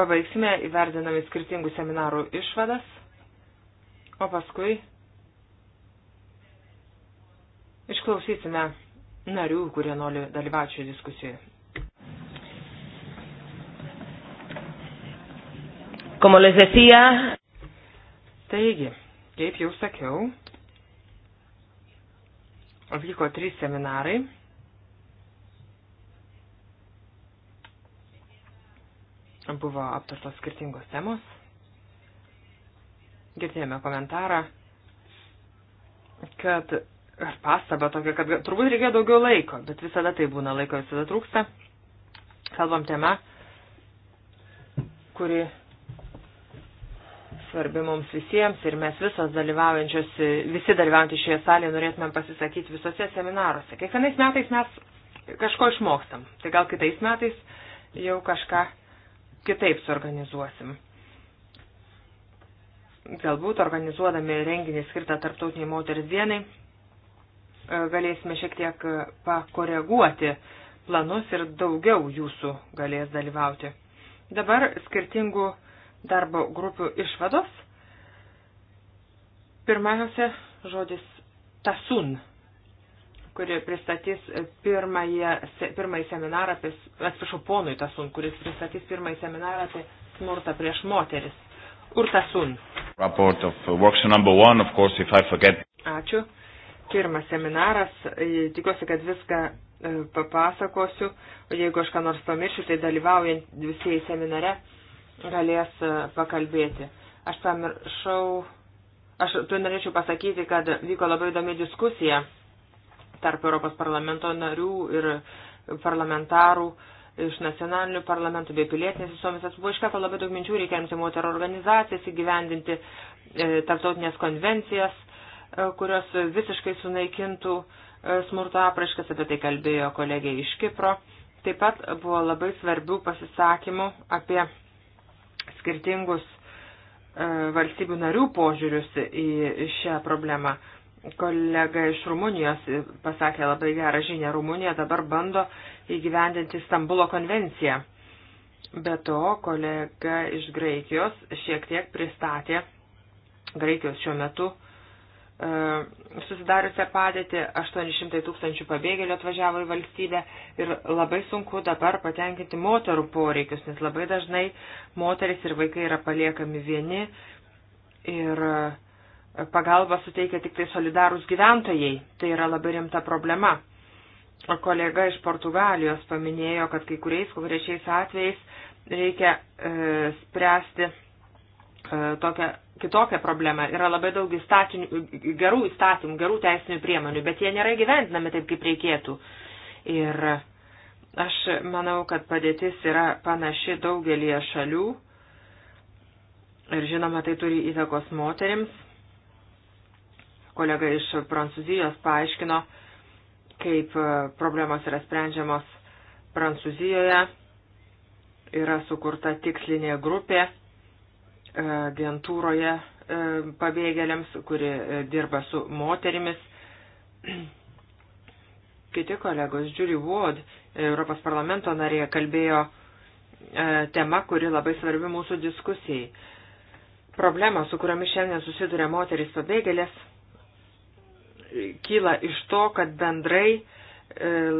pabaigsime įverdinami skirtingų seminarų išvadas, o paskui išklausysime narių, kurie nori dalyvauti šioje diskusijoje. Como les decía. Taigi, kaip jau sakiau, vyko trys seminarai Buvo aptartos skirtingos temos. Girdėjome komentarą, kad ar pastabą tokią, kad turbūt reikėjo daugiau laiko, bet visada tai būna laiko, visada trūksta. Kalbam tema, kuri svarbi mums visiems ir mes visos dalyvaujančios, visi dalyvaujantys šioje salėje norėtumėm pasisakyti visose seminaruose. Kiekvienais metais mes kažko išmokstam. Tai gal kitais metais jau kažką kitaip suorganizuosim. Galbūt organizuodami renginį skirtą tarptautiniai moteris dienai, e, galėsime šiek tiek e, pakoreguoti planus ir daugiau jūsų galės dalyvauti. Dabar skirtingų darbo grupių išvados. Pirmiausia, žodis tasun kuri pristatys pirmąjį, pirmąjį seminarą apie, atsiprašau, ponui Tasun, kuris pristatys pirmąjį seminarą apie smurtą prieš moteris. Urtasun. One, course, Ačiū. Pirmas seminaras. E, tikiuosi, kad viską e, papasakosiu. Jeigu aš ką nors pamiršiu, tai dalyvaujant visieji seminare galės e, pakalbėti. Aš pamiršau, aš tu norėčiau pasakyti, kad vyko labai įdomi diskusija tarp Europos parlamento narių ir parlamentarų iš nacionalinių parlamentų bei pilietinės visuomenės buvo iškelta labai daug minčių, reikia remti moterų organizacijas, įgyvendinti e, tarptautinės konvencijas, e, kurios visiškai sunaikintų e, smurto apraiškas, apie tai kalbėjo kolegė iš Kipro. Taip pat buvo labai svarbių pasisakymų apie skirtingus e, valstybių narių požiūrius į šią problemą. Kolega iš Rumunijos pasakė labai gerą žinę. Rumunija dabar bando įgyvendinti Stambulo konvenciją. Be to, kolega iš Graikijos šiek tiek pristatė Graikijos šiuo metu e, susidariusią padėtį, 800 tūkstančių pabėgėlių atvažiavo į valstybę ir labai sunku dabar patenkinti moterų poreikius, nes labai dažnai moteris ir vaikai yra paliekami vieni ir uh, pagalbą suteikia tik tai solidarūs gyventojai. Tai yra labai rimta problema. O kolega iš Portugalijos paminėjo, kad kai kuriais konkrečiais atvejais reikia e, spręsti e, tokią kitokią problemą. Yra labai daug įstatinių, gerų įstatymų, gerų teisinių priemonių, bet jie nėra gyventinami taip, kaip reikėtų. Ir aš manau, kad padėtis yra panaši daugelie šalių. Ir žinoma, tai turi įtakos moterims Kolega iš Prancūzijos paaiškino, kaip e, problemos yra sprendžiamos Prancūzijoje. Yra sukurta tikslinė grupė e, agentūroje e, pabėgėliams, kuri dirba su moterimis. Kiti kolegos, Julie Wood, Europos parlamento narė, kalbėjo tema, kuri labai svarbi mūsų diskusijai. Problemos, su kuriomis šiandien susiduria moteris pabėgėlės, kyla iš to, kad bendrai e,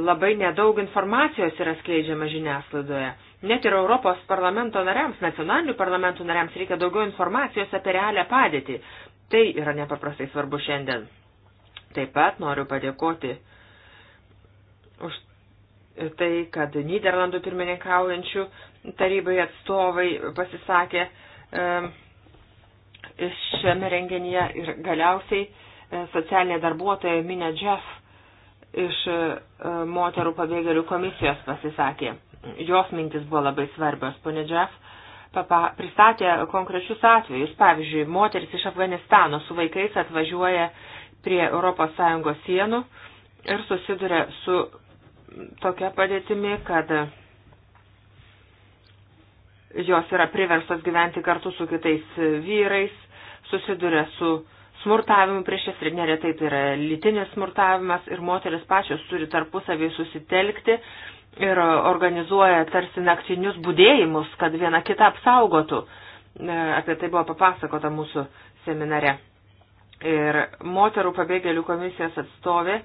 labai nedaug informacijos yra skleidžiama žiniasklaidoje. Net ir Europos parlamento nariams, nacionalinių parlamentų nariams reikia daugiau informacijos apie realią padėtį. Tai yra nepaprastai svarbu šiandien. Taip pat noriu padėkoti už tai, kad Niderlandų pirmininkaujančių tarybai atstovai pasisakė e, šiame renginyje ir galiausiai socialinė darbuotoja Minė Džef iš e, moterų pabėgėlių komisijos pasisakė. Jos mintis buvo labai svarbios. Pone Džef papa, pristatė konkrečius atvejus. Pavyzdžiui, moteris iš Afganistano su vaikais atvažiuoja prie ES sienų ir susiduria su tokia padėtimi, kad jos yra priverstos gyventi kartu su kitais vyrais, susiduria su uh, smurtavimu prieš jas ir neretai tai yra lytinis smurtavimas ir moteris pačios turi tarpusavį susitelkti ir organizuoja tarsi naktinius būdėjimus, kad viena kitą apsaugotų. E, apie tai buvo papasakota mūsų seminare. Ir moterų pabėgėlių komisijos atstovė e,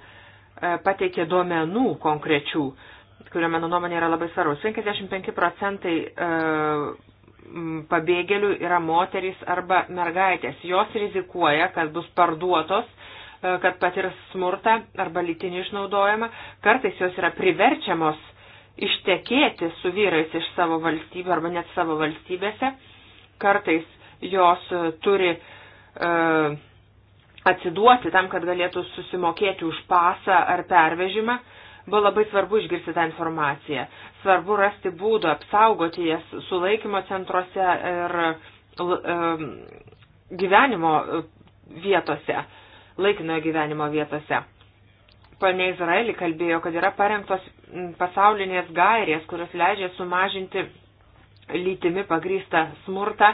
pateikė duomenų konkrečių, kurio mano nuomonė yra labai svarbus. 55 procentai e, pabėgėlių yra moterys arba mergaitės. Jos rizikuoja, kad bus parduotos, e, kad patirs smurtą arba lytinį išnaudojimą. Kartais jos yra priverčiamos ištekėti su vyrais iš savo valstybių arba net savo valstybėse. Kartais jos e, turi uh, atsiduoti tam, kad galėtų susimokėti už pasą ar pervežimą. Uh, Buvo labai svarbu išgirsti tą informaciją. Svarbu rasti būdų apsaugoti jas sulaikymo centruose ir gyvenimo e, vietose, laikinojo gyvenimo vietose. Pane Izraelį kalbėjo, kad yra parengtos pasaulinės gairės, kurios leidžia sumažinti lytimi pagrįstą smurtą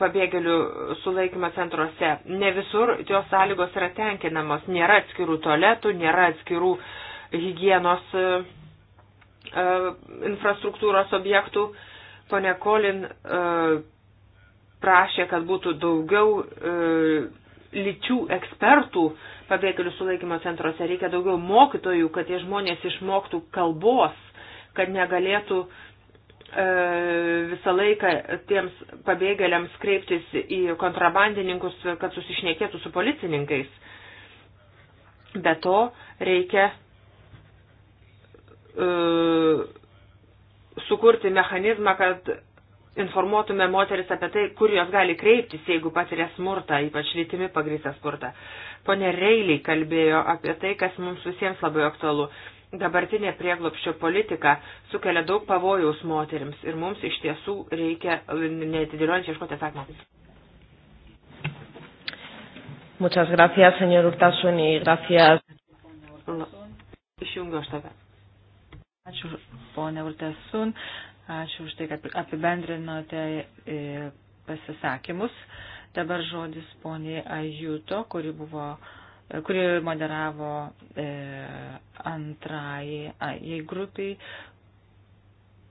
pabėgėlių sulaikymo centruose. Ne visur jos sąlygos yra tenkinamos, nėra atskirų toletų, nėra atskirų uh, hygienos e, e, infrastruktūros objektų. Pone Kolin e, prašė, kad būtų daugiau lyčių ekspertų pabėgėlių sulaikymo centruose, reikia daugiau mokytojų, kad tie žmonės išmoktų kalbos, kad negalėtų visą laiką tiems pabėgėliams kreiptis į kontrabandininkus, kad susišnekėtų su policininkais. Be to reikia E, sukurti mechanizmą, kad informuotume moteris apie tai, kur jos gali kreiptis, jeigu patiria smurtą, ypač lytimi pagrįstą smurtą. Pone Reiliai kalbėjo apie tai, kas mums visiems labai aktualu. Dabartinė prieglopščio politika sukelia daug pavojaus moterims ir mums iš tiesų reikia netidėliojant ieškoti atsakymą. Muchas gracias, señor Urtasun, y gracias. Išjungiu aš tave. Ačiū, ponė Urtesun. Ačiū už tai, kad apibendrinote e, pasisakymus. Dabar žodis poniai Ajuto, kuri, buvo, e, kuri moderavo e, antrajai AIE grupiai.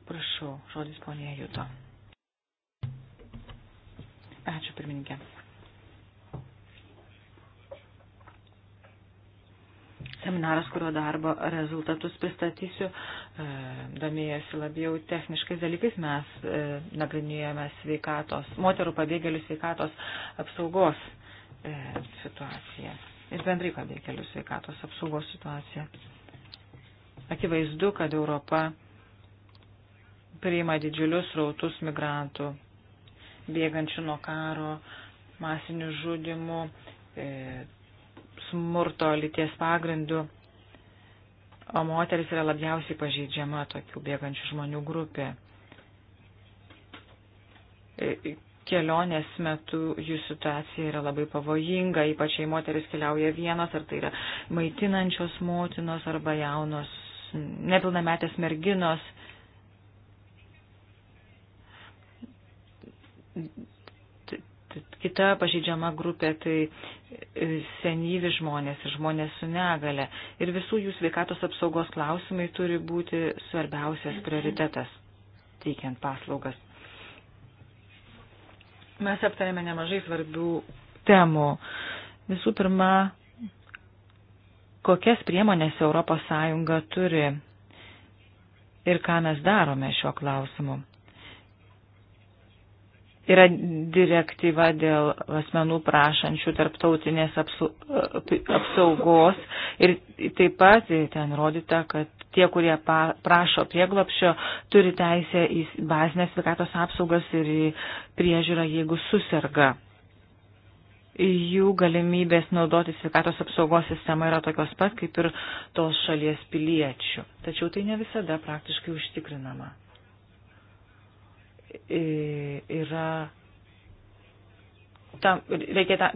Prašau, žodis poniai Ajuto. Ačiū, pirmininkė. seminaras, kurio darbo rezultatus pristatysiu, e, domėjasi labiau techniškais dalykais. Mes e, nagrinėjome sveikatos, moterų pabėgėlių sveikatos apsaugos e, situaciją ir bendrai pabėgėlių sveikatos apsaugos situaciją. Akivaizdu, kad Europa priima didžiulius rautus migrantų, bėgančių nuo karo, masinių žudimų, smurto lyties pagrindų, o moteris yra labiausiai pažeidžiama tokių bėgančių žmonių grupė. E, kelionės metu jų situacija yra labai pavojinga, ypač jei moteris keliauja vienas, ar tai yra maitinančios motinos arba jaunos nepilnametės merginos kita pažydžiama grupė tai senyvi žmonės ir žmonės su negale. Ir visų jų sveikatos apsaugos klausimai turi būti svarbiausias prioritetas, teikiant paslaugas. Mes aptarėme nemažai svarbių temų. Visų pirma, kokias priemonės ES turi ir ką mes darome šiuo klausimu yra direktyva dėl asmenų prašančių tarptautinės apsaugos ir taip pat ten rodyta, kad tie, kurie prašo prieglapšio, turi teisę į bazinę sveikatos apsaugas ir į priežiūrą, jeigu susirga. Jų galimybės naudoti sveikatos apsaugos sistemą yra tokios pat kaip ir tos šalies piliečių, tačiau tai ne visada praktiškai užtikrinama yra tam, reikia ta,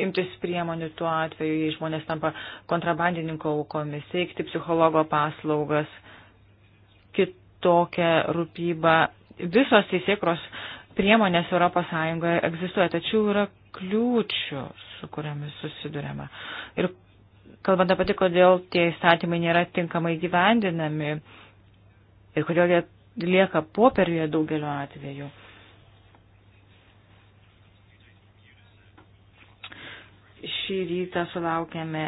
imtis priemonių tuo atveju, jei žmonės tampa kontrabandininko aukomis, teikti psichologo paslaugas, kitokią rūpybą. Visos teisėkros priemonės ES egzistuoja, tačiau yra kliūčių, su kuriamis susidurėme. Ir kalbant apie tai, kodėl tie įstatymai nėra tinkamai gyvendinami ir kodėl jie lieka popieriuje daugeliu atveju. Šį rytą sulaukėme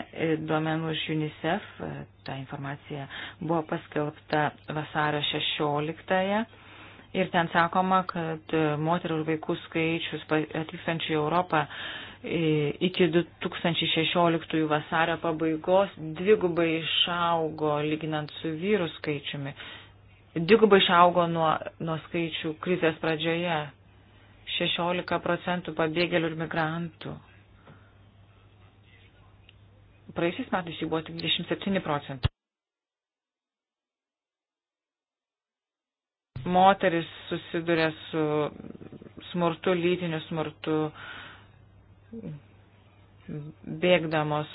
duomenų iš UNICEF, ta informacija buvo paskelbta vasario 16-ąją ir ten sakoma, kad moterų ir vaikų skaičius atvykstančių į Europą iki 2016 vasario pabaigos dvigubai išaugo lyginant su vyrų skaičiumi dvigubai išaugo nuo, nuo skaičių krizės pradžioje. 16 procentų pabėgėlių ir migrantų. Praeisiais metais jų buvo tik 27 procentai. Moteris susiduria su smurtu, lytiniu smurtu, bėgdamos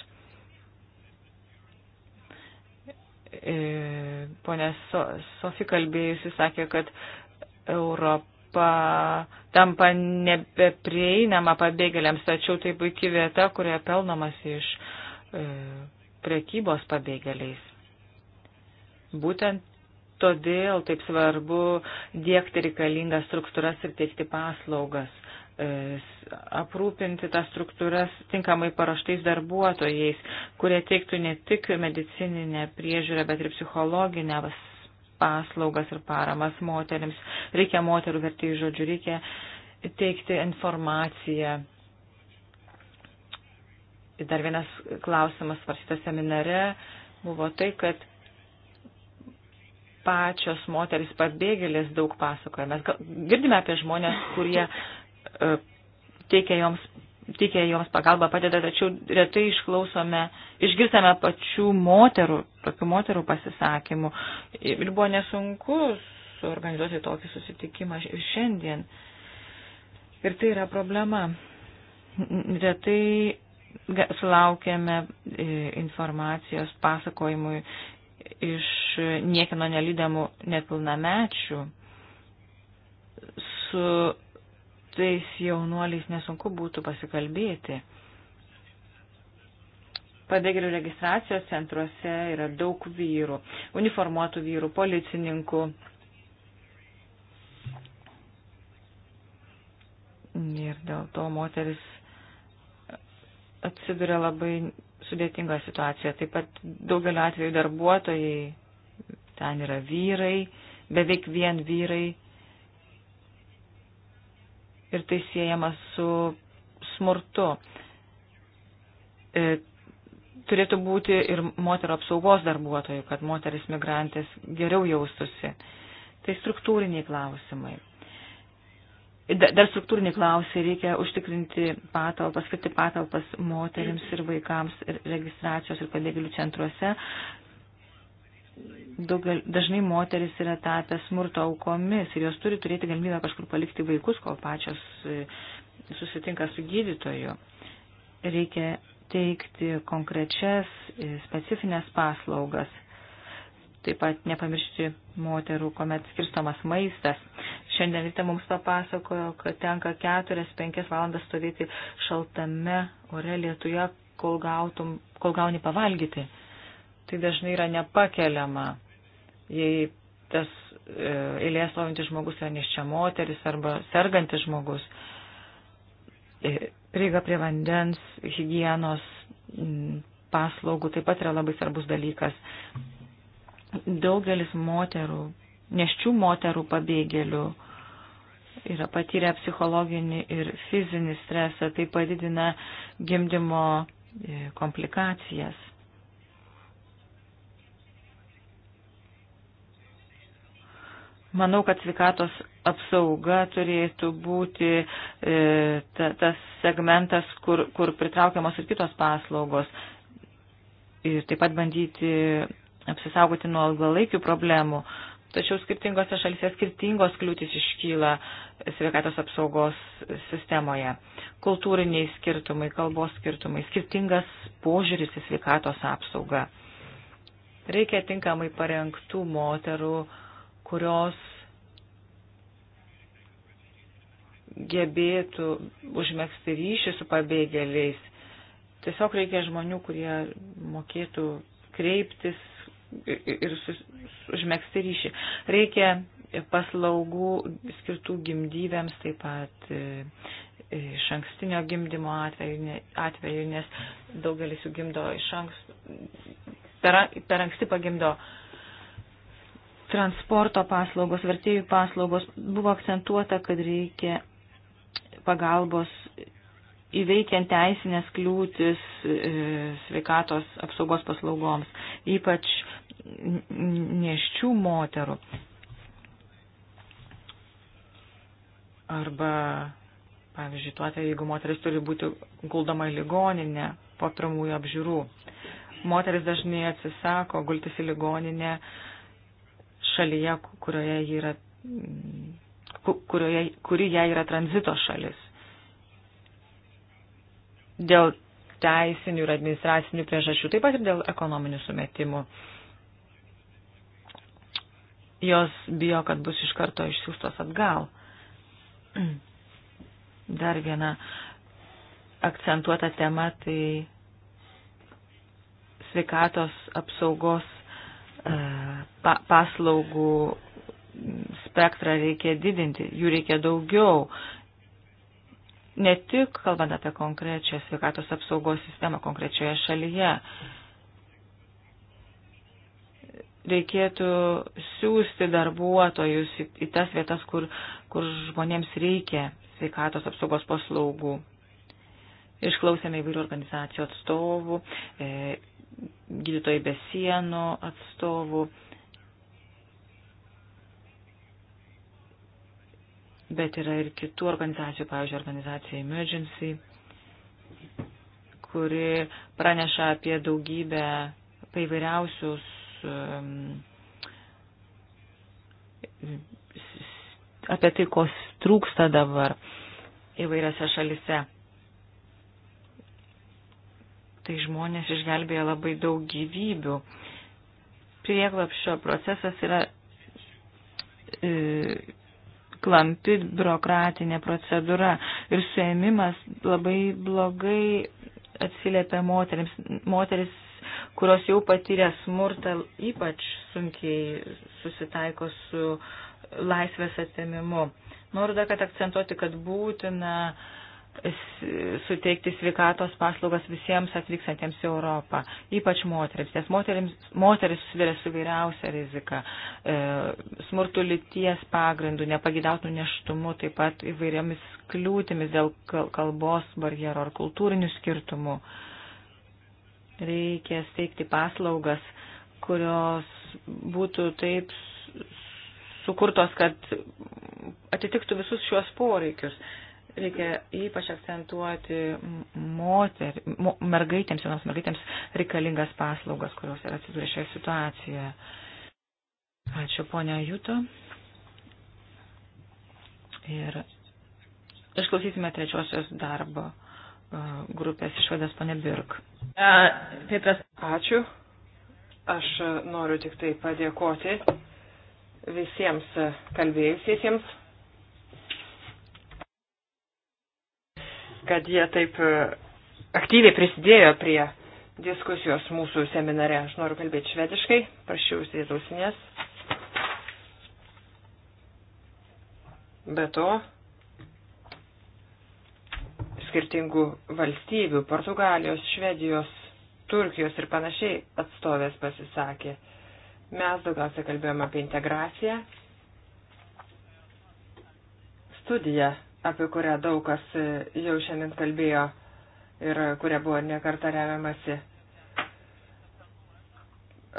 E, ponė Sofi kalbėjusi sakė, kad Europa tampa nebeprieinama pabėgėliams, tačiau tai puikia vieta, kurioje pelnomas iš e, prekybos pabėgėliais. Būtent todėl taip svarbu dėkti reikalingas struktūras ir teikti paslaugas. E, aprūpinti tas struktūras tinkamai paruoštais darbuotojais, kurie teiktų ne tik medicininę priežiūrą, bet ir psichologinę paslaugas ir paramas moteriams. Reikia moterų vertėjų žodžių, reikia teikti informaciją. Dar vienas klausimas svarstytas seminare buvo tai, kad pačios moteris pabėgėlės daug pasakoja. Mes girdime apie žmonės, kurie E, teikia joms, teikia joms pagalbą, padeda, tačiau retai išklausome, išgirstame pačių moterų, tokių moterų pasisakymų. Ir buvo nesunku suorganizuoti tokį susitikimą šiandien. Ir tai yra problema. Retai sulaukėme e, informacijos pasakojimui iš niekino nelydamų nepilnamečių su tais jaunuoliais nesunku būtų pasikalbėti. Pabėgėlių registracijos centruose yra daug vyrų, uniformuotų vyrų, policininkų. Ir dėl to moteris atsiduria labai sudėtinga situacija. Taip pat daugeliu atveju darbuotojai ten yra vyrai, beveik vien vyrai ir tai siejama su smurtu. E, turėtų būti ir moterų apsaugos darbuotojų, kad moteris migrantės geriau jaustusi. Tai struktūriniai klausimai. Dar struktūriniai klausimai reikia užtikrinti patalpas, skirti patalpas moterims ir vaikams ir registracijos ir pabėgėlių centruose, Daugal, dažnai moteris yra tapę smurto aukomis ir jos turi turėti galimybę kažkur palikti vaikus, kol pačios e, susitinka su gydytoju. Reikia teikti konkrečias e, specifines paslaugas. Taip pat nepamiršti moterų, kuomet skirstomas maistas. Šiandien ryte mums papasakojo, kad tenka 4-5 valandas stovėti šaltame ore lietuje, kol, gautum, kol gauni pavalgyti tai dažnai yra nepakeliama, jei tas e, eilės stovintis žmogus yra neščia moteris arba sergantis žmogus. E, prieiga prie vandens, hygienos paslaugų taip pat yra labai svarbus dalykas. Daugelis moterų, neščių moterų pabėgėlių yra patyrę psichologinį ir fizinį stresą, tai padidina gimdymo e, komplikacijas. Manau, kad sveikatos apsauga turėtų būti e, ta, tas segmentas, kur, kur pritraukiamos ir kitos paslaugos. Ir taip pat bandyti apsisaugoti nuo ilgalaikių problemų. Tačiau skirtingose šalise skirtingos kliūtis iškyla sveikatos apsaugos sistemoje. Kultūriniai skirtumai, kalbos skirtumai, skirtingas požiūris į sveikatos apsaugą. Reikia tinkamai parengtų moterų kurios gebėtų užmėgsti ryšį su pabėgėliais. Tiesiog reikia žmonių, kurie mokėtų kreiptis ir užmėgsti ryšį. Reikia paslaugų skirtų gimdybėms, taip pat e, e, iš ankstinio gimdymo atveju, atveju nes daugelis jų gimdo iš anksto, per, per anksti pagimdo transporto paslaugos, vertėjų paslaugos, buvo akcentuota, kad reikia pagalbos įveikiant teisinės kliūtis e, sveikatos apsaugos paslaugoms, ypač neščių moterų arba, pavyzdžiui, tuo atveju, jeigu moteris turi būti guldoma į ligoninę po pirmųjų apžiūrų. Moteris dažnai atsisako gultis į ligoninę, uh, šalyje, kurioje ji yra, kurioje, kuri jai yra tranzito šalis. Dėl teisinių ir administracinių priežasčių, taip pat ir dėl ekonominių sumetimų. Jos bijo, kad bus iš karto išsiųstos atgal. Dar viena akcentuota tema tai sveikatos apsaugos E, pa, paslaugų spektrą reikia didinti, jų reikia daugiau. Ne tik kalbant apie konkrečią sveikatos apsaugos sistemą konkrečioje šalyje, reikėtų siūsti darbuotojus į, į tas vietas, kur, kur žmonėms reikia sveikatos apsaugos paslaugų. Išklausėme įvairių organizacijų atstovų, e, gydytojai be sienų atstovų. Bet yra ir kitų organizacijų, pavyzdžiui, organizacija Emergency, kuri praneša apie daugybę paįvairiausius um, apie tai, ko trūksta dabar įvairiose šalise tai žmonės išgelbėja labai daug gyvybių. Prieglapšio procesas yra e, klampi biurokratinė procedūra ir suėmimas labai blogai atsiliepia moteriams. Moteris, kurios jau patyrė smurtą, ypač sunkiai susitaiko su laisvės atėmimu. Noriu dar kad akcentuoti, kad būtina e, suteikti sveikatos paslaugas visiems atvykstantiems į Europą, ypač moteriams, nes moterims, moteris susiduria su vairiausia rizika, e, smurtų lyties pagrindų, nepagidautų neštumu, taip pat įvairiomis kliūtimis dėl kalbos barjero ar kultūrinių skirtumų. Reikia steigti paslaugas, kurios būtų taip sukurtos, kad atitiktų visus šiuos poreikius. Reikia ypač akcentuoti moter, mo, mergaitėms, jaunoms mergaitėms reikalingas paslaugas, kurios yra atsidūrė šioje situacijoje. Ačiū, ponia Juto. Ir išklausysime trečiosios darbo e, grupės išvadas, ponia Birk. Petras, ačiū. Aš noriu tik tai padėkoti visiems kalbėjusiesiems kad jie taip e, aktyviai prisidėjo prie diskusijos mūsų seminare. Aš noriu kalbėti švediškai, prašiau įsidėti ausinės. Be to, skirtingų valstybių, Portugalijos, Švedijos, Turkijos ir panašiai atstovės pasisakė. Mes daugiausia kalbėjom apie integraciją, studiją apie kurią daug kas e, jau šiandien kalbėjo ir e, kuria buvo nekarta remiamasi,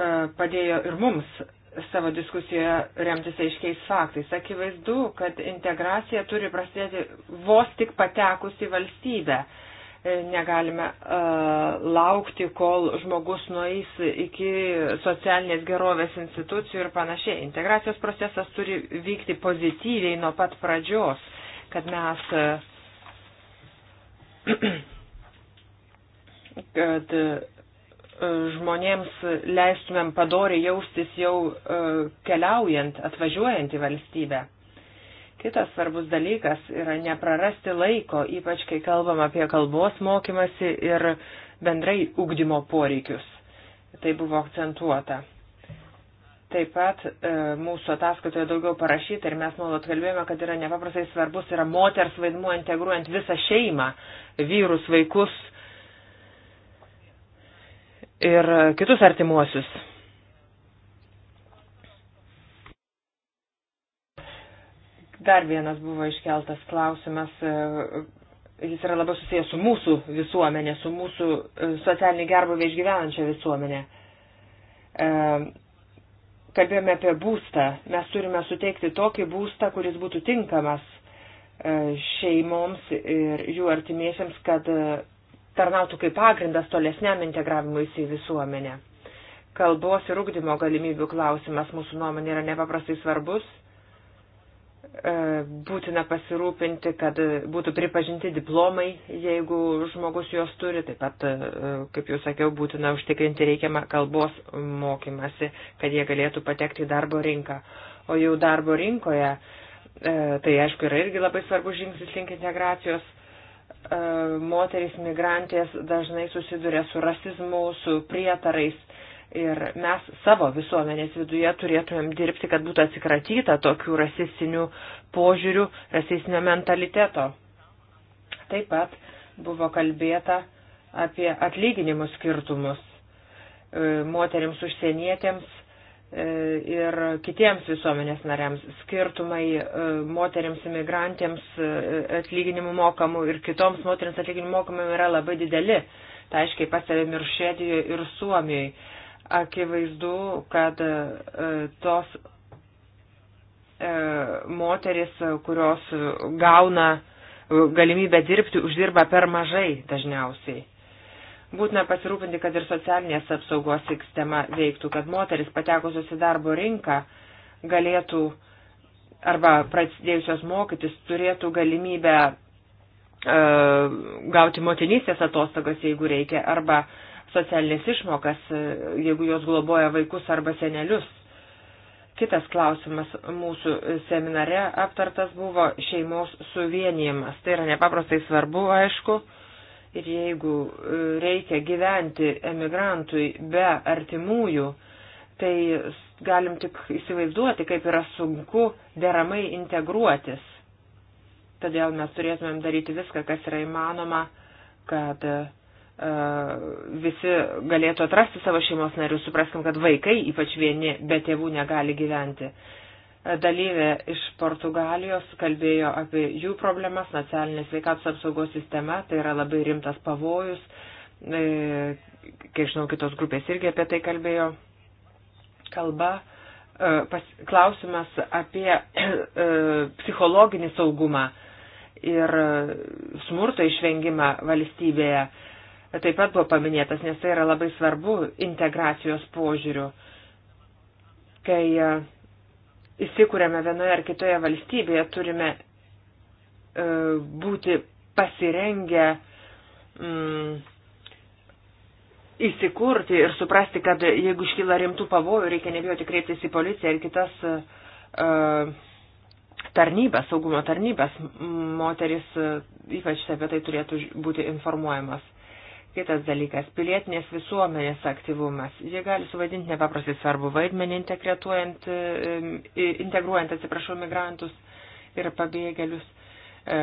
e, padėjo ir mums savo diskusijoje remtis aiškiais faktais. Akivaizdu, kad integracija turi prasidėti vos tik patekus į valstybę. Negalime uh, laukti, kol žmogus nueis iki socialinės gerovės institucijų ir panašiai. Integracijos procesas turi vykti pozityviai nuo pat pradžios kad mes kad e, žmonėms leistumėm padoriai jaustis jau e, keliaujant, atvažiuojant į valstybę. Kitas svarbus dalykas yra neprarasti laiko, ypač kai kalbam apie kalbos mokymasi ir bendrai ugdymo poreikius. Tai buvo akcentuota. Taip pat e, mūsų ataskaitoje daugiau parašyta ir mes nuolat kalbėjome, kad yra nepaprastai svarbus yra moters vaidmuo integruojant visą šeimą, vyrus, vaikus ir kitus artimuosius. Dar vienas buvo iškeltas klausimas, e, jis yra labai susijęs su mūsų visuomenė, su mūsų e, socialinį gerbuvį išgyvenančią visuomenę e, kalbėjome apie būstą. Mes turime suteikti tokį būstą, kuris būtų tinkamas e, šeimoms ir jų artimiesiams, kad e, tarnautų kaip pagrindas tolesniam integravimui į visuomenę. Kalbos ir ugdymo galimybių klausimas mūsų nuomonė yra nepaprastai svarbus E, būtina pasirūpinti, kad būtų pripažinti diplomai, jeigu žmogus juos turi. Taip pat, e, kaip jau sakiau, būtina užtikrinti reikiamą kalbos mokymasi, kad jie galėtų patekti į darbo rinką. O jau darbo rinkoje, e, tai aišku, yra irgi labai svarbus žingsnis link integracijos. Moterys migrantės dažnai susiduria su rasizmu, su prietarais Ir mes savo visuomenės viduje turėtumėm dirbti, kad būtų atsikratyta tokių rasistinių požiūrių, rasistinio mentaliteto. Taip pat buvo kalbėta apie atlyginimų skirtumus e, moteriams užsienietėms e, ir kitiems visuomenės nariams. Skirtumai e, moteriams imigrantėms atlyginimų mokamų ir kitoms moteriams atlyginimų mokamų yra labai dideli. Tai aiškiai pastebėm ir Švedijoje, ir Suomijoje Akivaizdu, kad e, tos e, moteris, kurios gauna e, galimybę dirbti, uždirba per mažai dažniausiai. Būtina pasirūpinti, kad ir socialinės apsaugos sistema veiktų, kad moteris patekusios į darbo rinką galėtų arba pradėjusios mokytis turėtų galimybę e, gauti motinystės atostogas, jeigu reikia, arba e, socialinės išmokas, e, jeigu jos globoja vaikus arba senelius. Kitas klausimas mūsų seminare aptartas buvo šeimos suvienijimas. Tai yra nepaprastai svarbu, aišku. Ir jeigu e, reikia gyventi emigrantui be artimųjų, tai galim tik įsivaizduoti, kaip yra sunku deramai integruotis. Todėl mes turėtumėm daryti viską, kas yra įmanoma, kad uh, E, visi galėtų atrasti savo šeimos narius, supraskim, kad vaikai, ypač vieni, be tėvų negali gyventi. E, dalyvė iš Portugalijos kalbėjo apie jų problemas, nacionalinės veikatos apsaugos sistema, tai yra labai rimtas pavojus, e, kiek žinau, kitos grupės irgi apie tai kalbėjo. Kalba, pas, klausimas apie psichologinį saugumą ir smurto išvengimą valstybėje taip pat buvo paminėtas, nes tai yra labai svarbu integracijos požiūriu. Kai e, įsikūrėme vienoje ar kitoje valstybėje, turime e, būti pasirengę mm, įsikurti ir suprasti, kad jeigu iškyla rimtų pavojų, reikia nebijoti kreiptis į policiją ir kitas uh, tarnybas, saugumo tarnybas. Moteris ypač apie tai turėtų būti informuojamas. Kitas dalykas - pilietinės visuomenės aktyvumas. Jie gali suvadinti nepaprastai svarbu vaidmenį integruojant, integruojant atsiprašau, migrantus ir pabėgėlius. E,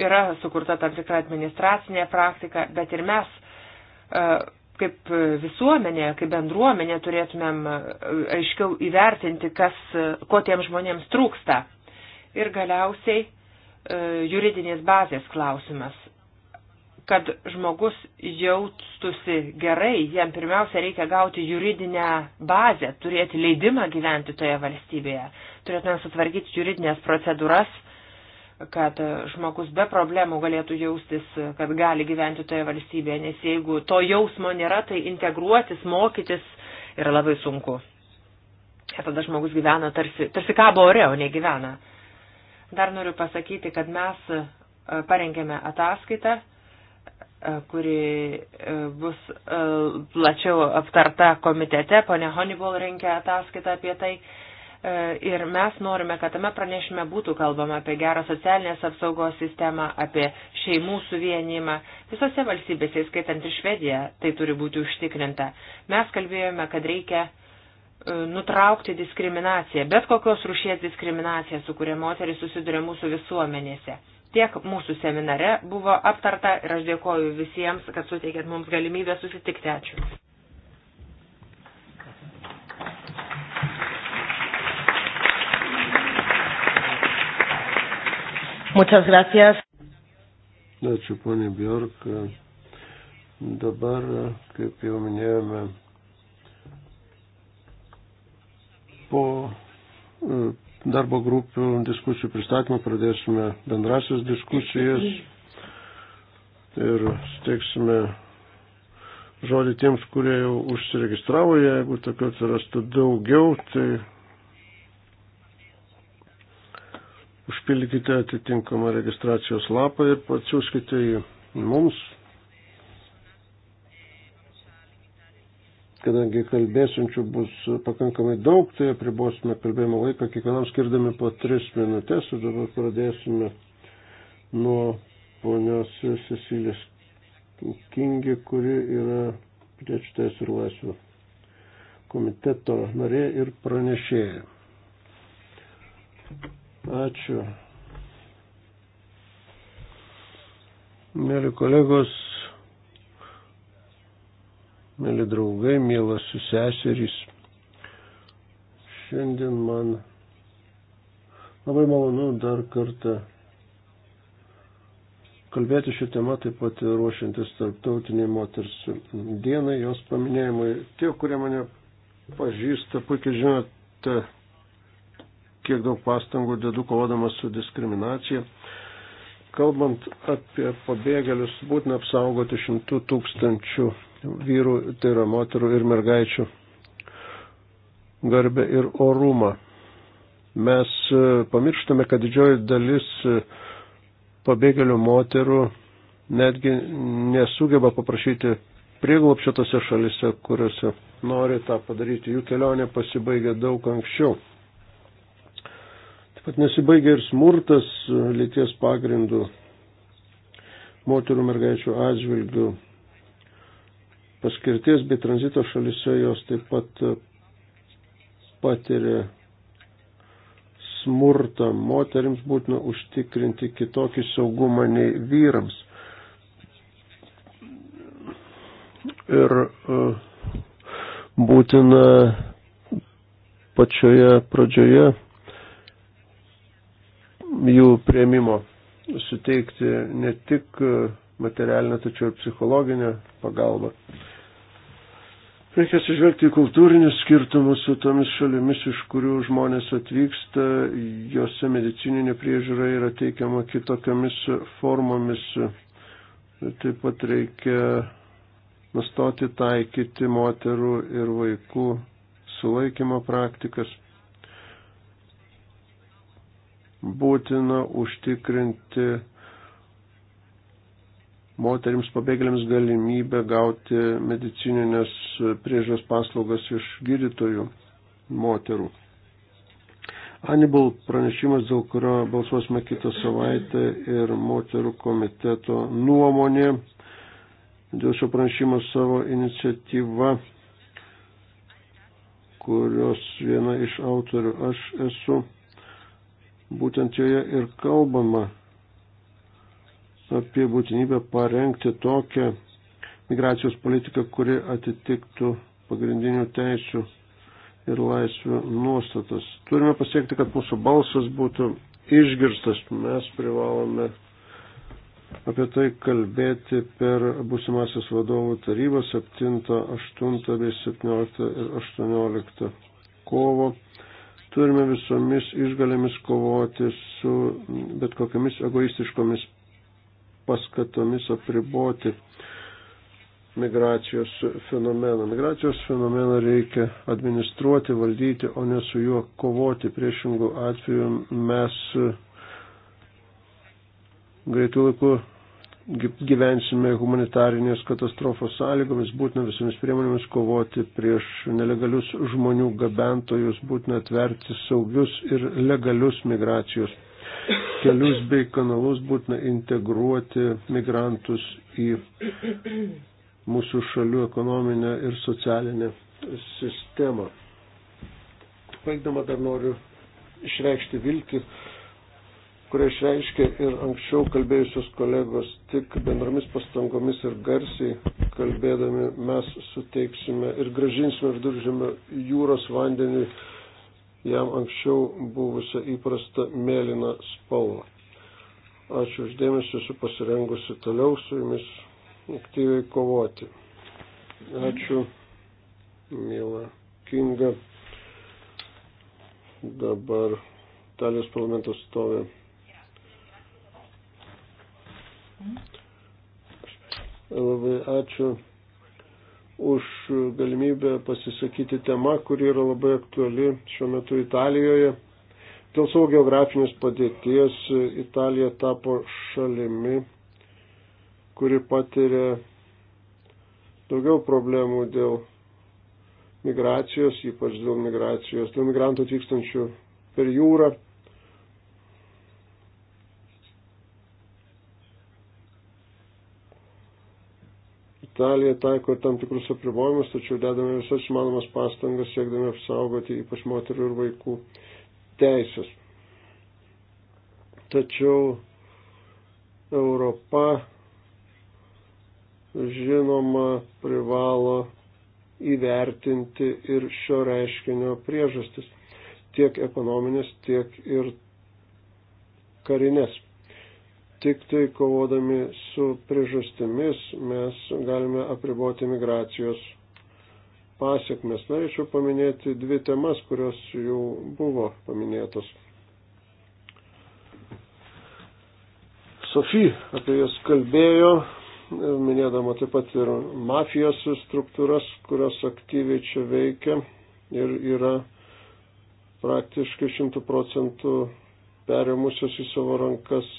yra sukurta tam tikra administracinė praktika, bet ir mes e, kaip visuomenė, kaip bendruomenė turėtumėm e, aiškiau įvertinti, kas, e, ko tiem žmonėms trūksta. Ir galiausiai e, juridinės bazės klausimas kad žmogus jaustusi gerai, jam pirmiausia reikia gauti juridinę bazę, turėti leidimą gyventi toje valstybėje. Turėtume sutvarkyti juridinės procedūras, kad žmogus be problemų galėtų jaustis, kad gali gyventi toje valstybėje, nes jeigu to jausmo nėra, tai integruotis, mokytis yra labai sunku. Ir tada žmogus gyvena tarsi, tarsi kabo ore, o negyvena. Dar noriu pasakyti, kad mes e, parengėme ataskaitą E, kuri e, bus e, plačiau aptarta komitete. Pane Honeyball renkia ataskaitą apie tai. Ir mes norime, kad tame pranešime būtų kalbama apie gerą socialinės apsaugos sistemą, apie šeimų suvienimą. Visose valstybėse, skaitant ir Švediją, tai turi būti užtikrinta. Mes kalbėjome, kad reikia nutraukti diskriminaciją, bet kokios rušies diskriminaciją, su kuria moteris susiduria mūsų visuomenėse. Tiek mūsų seminare buvo aptarta ir aš dėkoju visiems, kad suteikėt mums galimybę susitikti. Ačiū. Muchas gracias. Ačiū, ponė Bjork. Dabar, kaip jau minėjome, po darbo grupių diskusijų pristatymą, pradėsime bendrasias diskusijas ir steiksime žodį tiems, kurie jau užsiregistravo, jeigu tokių atsirastų daugiau, tai užpildykite atitinkamą registracijos lapą ir atsiųskite jį mums, kadangi kalbėsinčių bus pakankamai daug, tai apribosime kalbėjimo laiką, kiekvienam skirdami po tris minutės ir dabar pradėsime nuo ponios Cecilės Kingi, kuri yra piliečių teisų ir laisvių komiteto narė ir pranešėja. Ačiū. Mėly kolegos, mėly draugai, mielas seserys. Šiandien man labai malonu dar kartą kalbėti šią temą, taip pat ruošiantis tarptautiniai moters dienai, jos paminėjimui. Tie, kurie mane pažįsta, puikiai žinote, kiek daug pastangų dedu kovodamas su diskriminacija. Kalbant apie pabėgėlius, būtina apsaugoti šimtų tūkstančių vyrų, tai yra moterų ir mergaičių garbę ir orumą. Mes e, pamirštame, kad didžioji dalis e, pabėgėlių moterų netgi nesugeba paprašyti prieglopščio tose šalise, kuriuose nori tą padaryti. Jų kelionė pasibaigia daug anksčiau. Taip pat nesibaigia ir smurtas e, lyties pagrindų moterų mergaičių atžvilgių paskirties bei tranzito šalise jos taip pat e, patiria smurtą. Moterims būtina užtikrinti kitokį saugumą nei vyrams. Ir e, būtina pačioje pradžioje jų prieimimo suteikti ne tik e, materialinę, tačiau ir psichologinę pagalbą. Reikia atsižvelgti į kultūrinius skirtumus su tomis šalimis, iš kurių žmonės atvyksta, jose medicininė priežiūra yra teikiama kitokiamis formomis. Taip pat reikia nustoti taikyti moterų ir vaikų sulaikymo praktikas. Būtina užtikrinti moteriams pabėgėliams galimybę gauti medicininės priežiūros paslaugas iš gydytojų moterų. Anibal pranešimas, dėl kurio balsuosime kitą savaitę ir moterų komiteto nuomonė dėl šio pranešimo savo iniciatyva, kurios viena iš autorių aš esu, būtent joje ir kalbama apie būtinybę parengti tokią migracijos politiką, kuri atitiktų pagrindinių teisų ir laisvių nuostatas. Turime pasiekti, kad mūsų balsas būtų išgirstas. Mes privalome apie tai kalbėti per būsimasias vadovų tarybas 7, 8 bei 17 ir 18 kovo. Turime visomis išgalėmis kovoti su bet kokiamis egoistiškomis paskatomis apriboti migracijos fenomeną. Migracijos fenomeną reikia administruoti, valdyti, o ne su juo kovoti. Priešingų atveju mes greitų laikų gyvensime humanitarinės katastrofos sąlygomis, būtina visomis priemonėmis kovoti prieš nelegalius žmonių gabentojus, būtina atverti saugius ir legalius migracijos kelius bei kanalus būtina integruoti migrantus į mūsų šalių ekonominę ir socialinę sistemą. Baigdama dar noriu išreikšti viltį, kurią išreiškė ir anksčiau kalbėjusios kolegos, tik bendromis pastangomis ir garsiai kalbėdami mes suteiksime ir gražinsime viduržėmio jūros vandeniui jam anksčiau buvusią įprastą mėlyną spalvą. Ačiū uždėmesi, esu pasirengusi toliau su jumis aktyviai kovoti. Ačiū, mėla Kinga. Dabar Italijos parlamento stovė. Labai ačiū už galimybę pasisakyti tema, kuri yra labai aktuali šiuo metu Italijoje. Dėl savo geografinės padėties Italija tapo šalimi, kuri patiria daugiau problemų dėl migracijos, ypač dėl migracijos, dėl migrantų atvykstančių per jūrą Italija taiko ir tam tikrus apribojimus, tačiau dedame visas manomas pastangas siekdami apsaugoti ypač moterių ir vaikų teisės. Tačiau Europa, žinoma, privalo įvertinti ir šio reiškinio priežastis, tiek ekonominės, tiek ir karinės. Tik tai kovodami su priežastimis mes galime apriboti migracijos pasiekmes. Norėčiau paminėti dvi temas, kurios jau buvo paminėtos. Sofija apie jas kalbėjo, minėdama taip pat ir mafijos struktūras, kurios aktyviai čia veikia ir yra praktiškai šimtų procentų perėmusios į savo rankas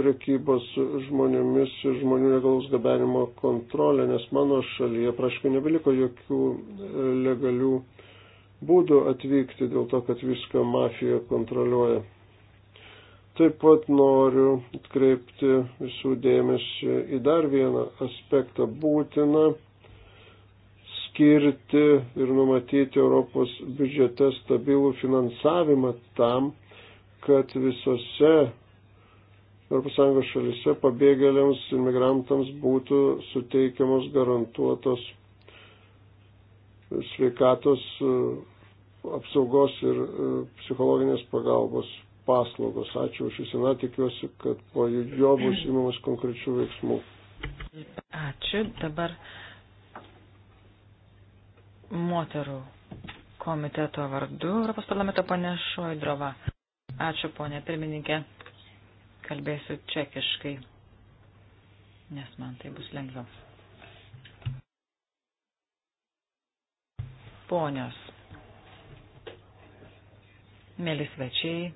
prekybos žmonėmis ir žmonių legalaus gabenimo kontrolę, nes mano šalyje praškai nebeliko jokių e, legalių būdų atvykti dėl to, kad viską mafija kontroliuoja. Taip pat noriu atkreipti visų dėmesį į dar vieną aspektą būtiną skirti ir numatyti Europos biudžete stabilų finansavimą tam, kad visose ES šalise pabėgėliams, imigrantams būtų suteikiamos garantuotos sveikatos e, apsaugos ir e, psichologinės pagalbos paslaugos. Ačiū už įsina, tikiuosi, kad po jo bus įmamas konkrečių veiksmų. Ačiū. Dabar moterų komiteto vardu Europos parlamento ponė Šoidrova. Ačiū, ponė pirmininkė kalbėsiu čekiškai, nes man tai bus lengviau. Ponios, mėly svečiai,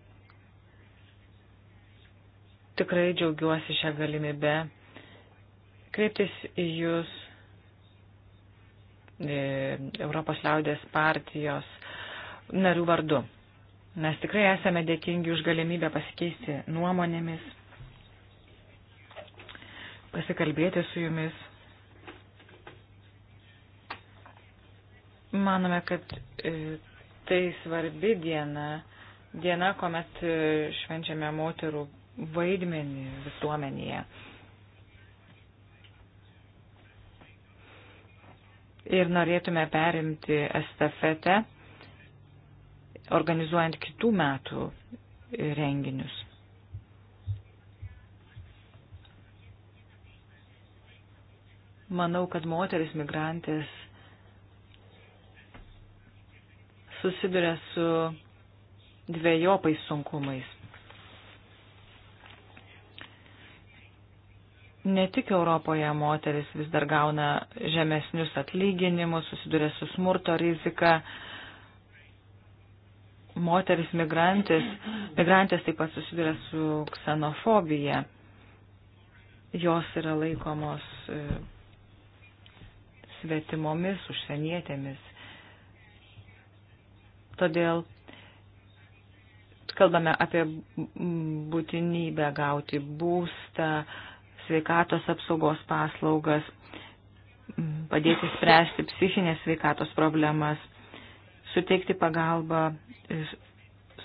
tikrai džiaugiuosi šią galimybę kreiptis į Jūs e, Europos liaudės partijos narių vardu. Mes tikrai esame dėkingi už galimybę pasikeisti nuomonėmis, pasikalbėti su jumis. Manome, kad e, tai svarbi diena, diena, kuomet e, švenčiame moterų vaidmenį visuomenėje. Ir norėtume perimti estafetę organizuojant kitų metų renginius. Manau, kad moteris migrantės susiduria su dviejopais sunkumais. Ne tik Europoje moteris vis dar gauna žemesnius atlyginimus, susiduria su smurto rizika, moteris migrantės, migrantės taip pat susiduria su ksenofobija. Jos yra laikomos e, svetimomis, užsienietėmis. Todėl kalbame apie būtinybę gauti būstą, sveikatos apsaugos paslaugas, padėti spręsti psichinės sveikatos problemas suteikti pagalbą e,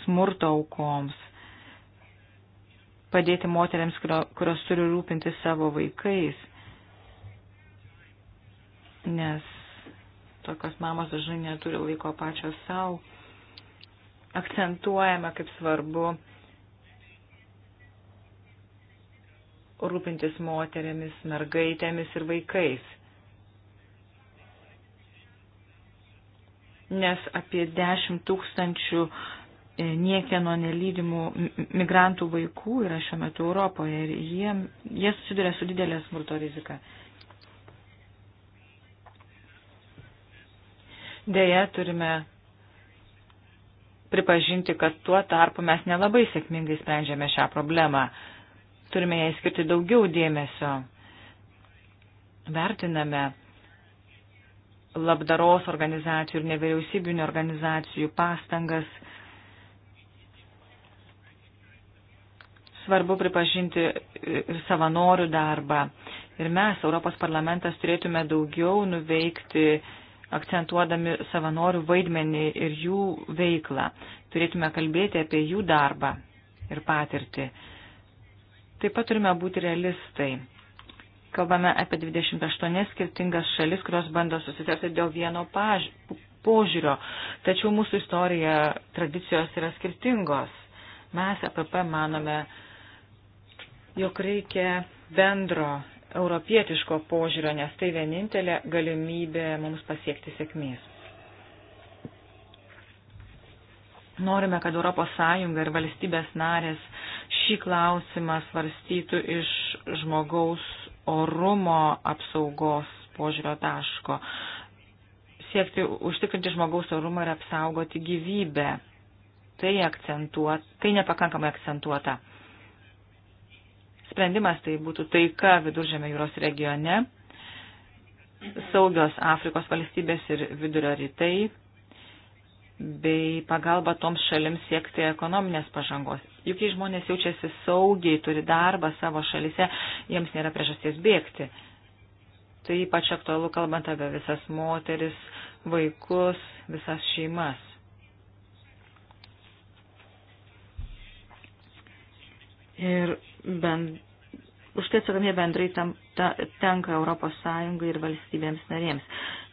smurto aukoms, padėti moteriams, kurios turi rūpinti savo vaikais, nes tokios mamos dažnai neturi laiko pačios savo. Akcentuojame, kaip svarbu rūpintis moteriamis, mergaitėmis ir vaikais. nes apie 10 tūkstančių e, niekieno nelydimų migrantų vaikų yra šiuo metu Europoje ir jie, jie susiduria su didelė smurto rizika. Deja, turime pripažinti, kad tuo tarpu mes nelabai sėkmingai sprendžiame šią problemą. Turime jai skirti daugiau dėmesio. Vertiname labdaros organizacijų ir nevyriausybinių organizacijų pastangas. Svarbu pripažinti ir savanorių darbą. Ir mes, Europos parlamentas, turėtume daugiau nuveikti, akcentuodami savanorių vaidmenį ir jų veiklą. Turėtume kalbėti apie jų darbą ir patirtį. Taip pat turime būti realistai Kalbame apie 28 skirtingas šalis, kurios bando susitarti dėl vieno paž... požiūrio. Tačiau mūsų istorija, tradicijos yra skirtingos. Mes APP manome, jog reikia bendro europietiško požiūrio, nes tai vienintelė galimybė mums pasiekti sėkmės. Norime, kad ES ir valstybės narės šį klausimą svarstytų iš žmogaus orumo apsaugos požiūrio taško. Siekti užtikrinti žmogaus orumą ir apsaugoti gyvybę. Tai, akcentuot, tai nepakankamai akcentuota. Sprendimas tai būtų taika viduržėme jūros regione, saugios Afrikos valstybės ir vidurio rytai, bei pagalba toms šalims siekti ekonominės pažangos Juk jei žmonės jaučiasi saugiai, turi darbą savo šalise, jiems nėra priežasties bėgti. Tai ypač aktualu kalbant apie visas moteris, vaikus, visas šeimas. Ir bend, už tai atsakomybė bendrai tam, ta, tenka Europos Sąjungai ir valstybėms narėms.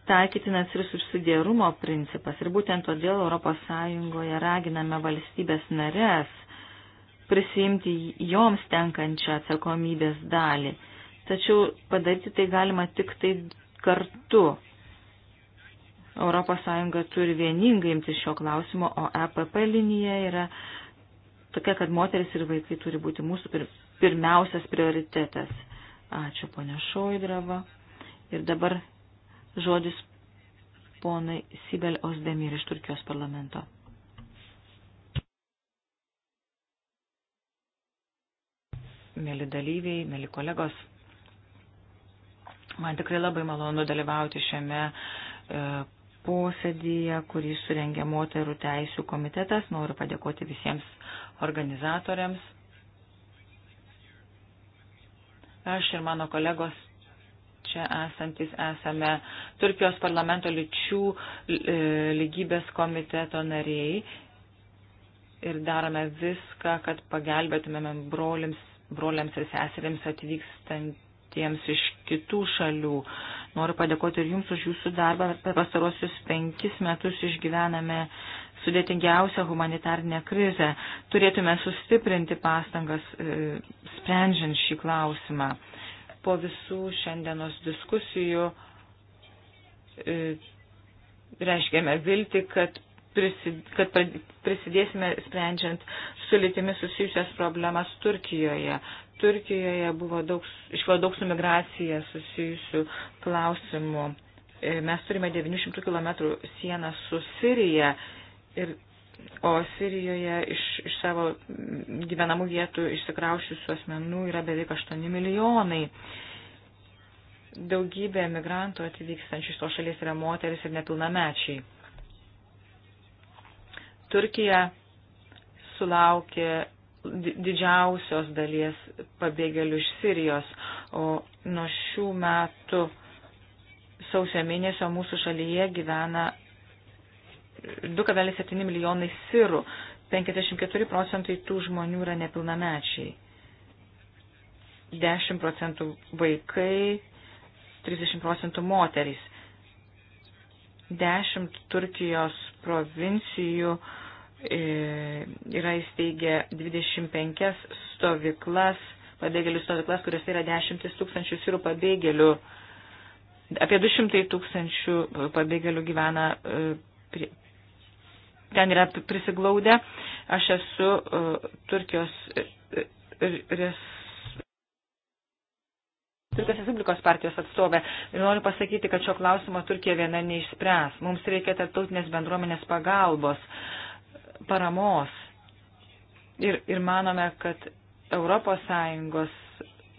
Taikytinas ir subsidiarumo principas ir būtent todėl Europos Sąjungoje raginame valstybės narės prisijimti joms tenkančią atsakomybės dalį. Tačiau padaryti tai galima tik tai kartu. ES turi vieningai imti šio klausimo, o EPP linija yra tokia, kad moteris ir vaikai turi būti mūsų pirmiausias prioritetas. Ačiū, ponia Šoidrava. Ir dabar žodis ponai Sibel Osdemir iš Turkijos parlamento. mėly dalyviai, mėly kolegos. Man tikrai labai malonu dalyvauti šiame e, posėdyje, kurį surengė moterų teisų komitetas. Noriu padėkoti visiems organizatoriams. Aš ir mano kolegos čia esantis esame Turkijos parlamento lyčių e, lygybės komiteto nariai ir darome viską, kad pagelbėtumėm brolims broliams ir seserėms atvykstantiems iš kitų šalių. Noriu padėkoti ir Jums už Jūsų darbą. Per pastarosius penkis metus išgyvename sudėtingiausią humanitarnę krizę. Turėtume sustiprinti pastangas e, sprendžiant šį klausimą. Po visų šiandienos diskusijų e, reiškiame vilti, kad kad prisidėsime sprendžiant su lytimi susijusias problemas Turkijoje. Turkijoje buvo daug, iškilo daug su migracija susijusių klausimų. E, mes turime 900 km sieną su Sirija, ir, o Sirijoje iš, iš savo gyvenamų vietų išsikraušiusių asmenų yra beveik 8 milijonai daugybė migrantų atvykstančių iš to šalies yra moteris ir nepilnamečiai. Turkija sulaukė didžiausios dalies pabėgėlių iš Sirijos, o nuo šių metų sausio mėnesio mūsų šalyje gyvena 2,7 milijonai sirų, 54 procentai tų žmonių yra nepilnamečiai, 10 procentų vaikai, 30 procentų moterys. Dešimt Turkijos provincijų e, yra įsteigę 25 stovyklas, pabėgėlių stovyklas, kuriuose yra dešimtis tūkstančių sirų pabėgėlių. Apie 200 tūkstančių e, pabėgėlių gyvena e, ten yra prisiglaudę. Aš esu Turkijos Turkijos Respublikos partijos atstovė. Ir noriu pasakyti, kad šio klausimo Turkija viena neišspręs. Mums reikia tarptautinės bendruomenės pagalbos, paramos. Ir, ir manome, kad Europos Sąjungos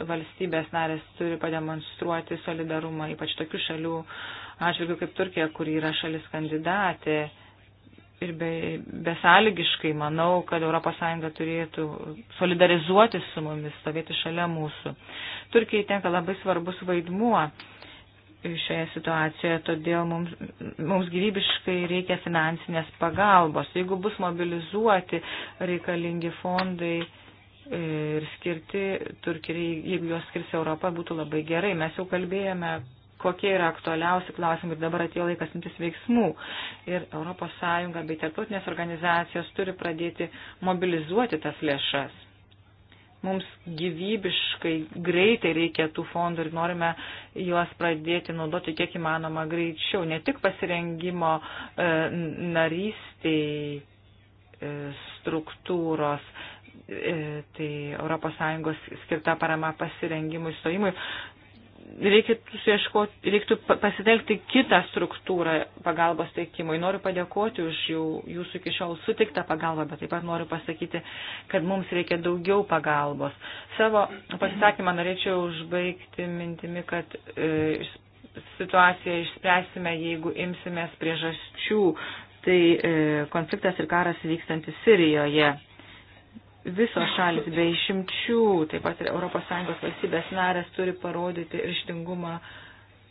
valstybės narės turi pademonstruoti solidarumą, ypač tokių šalių atžvilgių kaip Turkija, kur yra šalis kandidatė. Ir be, besąlygiškai manau, kad ES turėtų solidarizuoti su mumis, stovėti šalia mūsų. Turkijai tenka labai svarbus vaidmuo šioje situacijoje, todėl mums, mums gyvybiškai reikia finansinės pagalbos. Jeigu bus mobilizuoti reikalingi fondai e, ir skirti Turkijai, jeigu juos skirs Europą, būtų labai gerai. Mes jau kalbėjome kokie yra aktualiausi klausimai ir dabar atėjo laikas imtis veiksmų. Ir ES bei tarptautinės organizacijos turi pradėti mobilizuoti tas lėšas. Mums gyvybiškai greitai reikia tų fondų ir norime juos pradėti naudoti kiek įmanoma greičiau, ne tik pasirengimo e, narystiai e, struktūros, e, tai ES skirta parama pasirengimui stojimui, reikėtų, reiktų pasitelkti kitą struktūrą pagalbos teikimui. Noriu padėkoti už jau, jūsų iki šiol sutiktą pagalbą, bet taip pat noriu pasakyti, kad mums reikia daugiau pagalbos. Savo pasisakymą norėčiau užbaigti mintimi, kad e, situaciją išspręsime, jeigu imsimės priežasčių. Tai e, konfliktas ir karas vykstantis Sirijoje visos šalis be išimčių, taip pat ir ES valstybės narės turi parodyti ryštingumą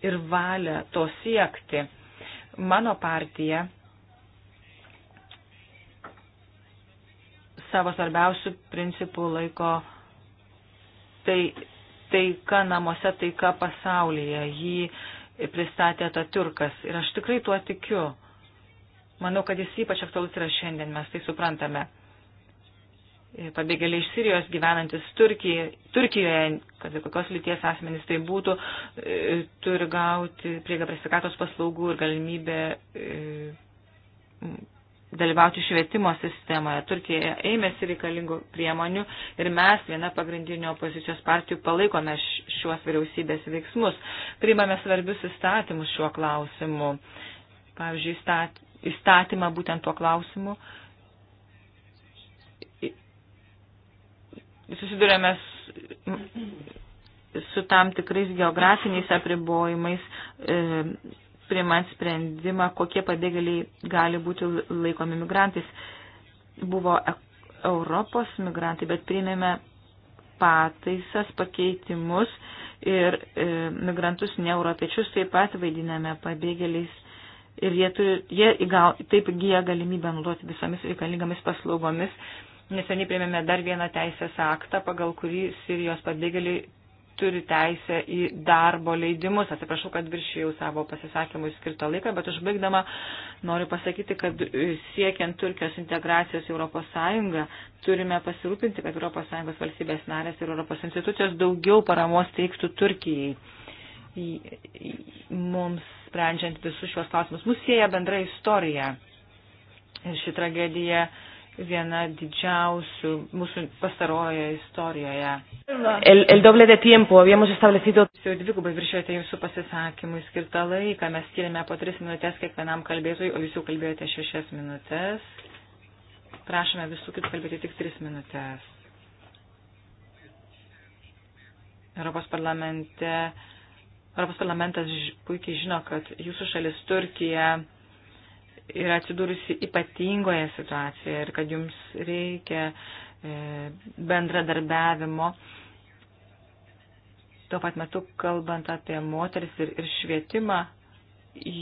ir valią to siekti. Mano partija savo svarbiausių principų laiko tai, taika namuose, taika pasaulyje. Jį pristatė Taturkas ir aš tikrai tuo tikiu. Manau, kad jis ypač aktualus yra šiandien, mes tai suprantame. E, pabėgėliai iš Sirijos gyvenantis Turkijai, Turkijoje, kad ir kokios lyties asmenys tai būtų, e, turi gauti prieigą prie sveikatos paslaugų ir galimybę e, dalyvauti švietimo sistemoje. Turkija ėmėsi reikalingų priemonių ir mes, viena pagrindinio opozicijos partijų, palaikome šiuos vyriausybės veiksmus. Priimame svarbius įstatymus šiuo klausimu. Pavyzdžiui, įstatymą būtent tuo klausimu susidurėme su tam tikrais geografiniais apribojimais, e, primant sprendimą, kokie pabėgėliai gali būti laikomi migrantais. Buvo e Europos migrantai, bet priėmėme pataisas, pakeitimus ir e, migrantus neeuropiečius taip pat vaidiname pabėgėliais. Ir jie, turi, jie įgal, taip įgyja galimybę naudoti visomis reikalingomis paslaugomis Neseniai priėmėme dar vieną teisės aktą, pagal kurį Sirijos pabėgėliai turi teisę į darbo leidimus. Atsiprašau, kad viršėjau savo pasisakymui skirtą laiką, bet užbaigdama noriu pasakyti, kad siekiant Turkijos integracijos į ES turime pasirūpinti, kad ES valstybės narės ir ES institucijos daugiau paramos teiktų Turkijai. Mums sprendžiant visus šios klausimus, mus sieja bendra istorija. Ir ši tragedija viena didžiausių mūsų pastarojoje istorijoje. El, el doble de tiempo, habíamos establecido. Jūs jau dvigubai viršėjote jūsų pasisakymui skirtą laiką, mes skiriame po tris minutės kiekvienam kalbėtojui, o jūs jau kalbėjote šešias minutės. Prašome visų kitų kalbėti tik tris minutės. Europos parlamente. Europos parlamentas puikiai žino, kad jūsų šalis Turkija yra atsidūrusi ypatingoje situacijoje ir kad jums reikia e, bendradarbiavimo. Tuo pat metu, kalbant apie moteris ir, ir švietimą,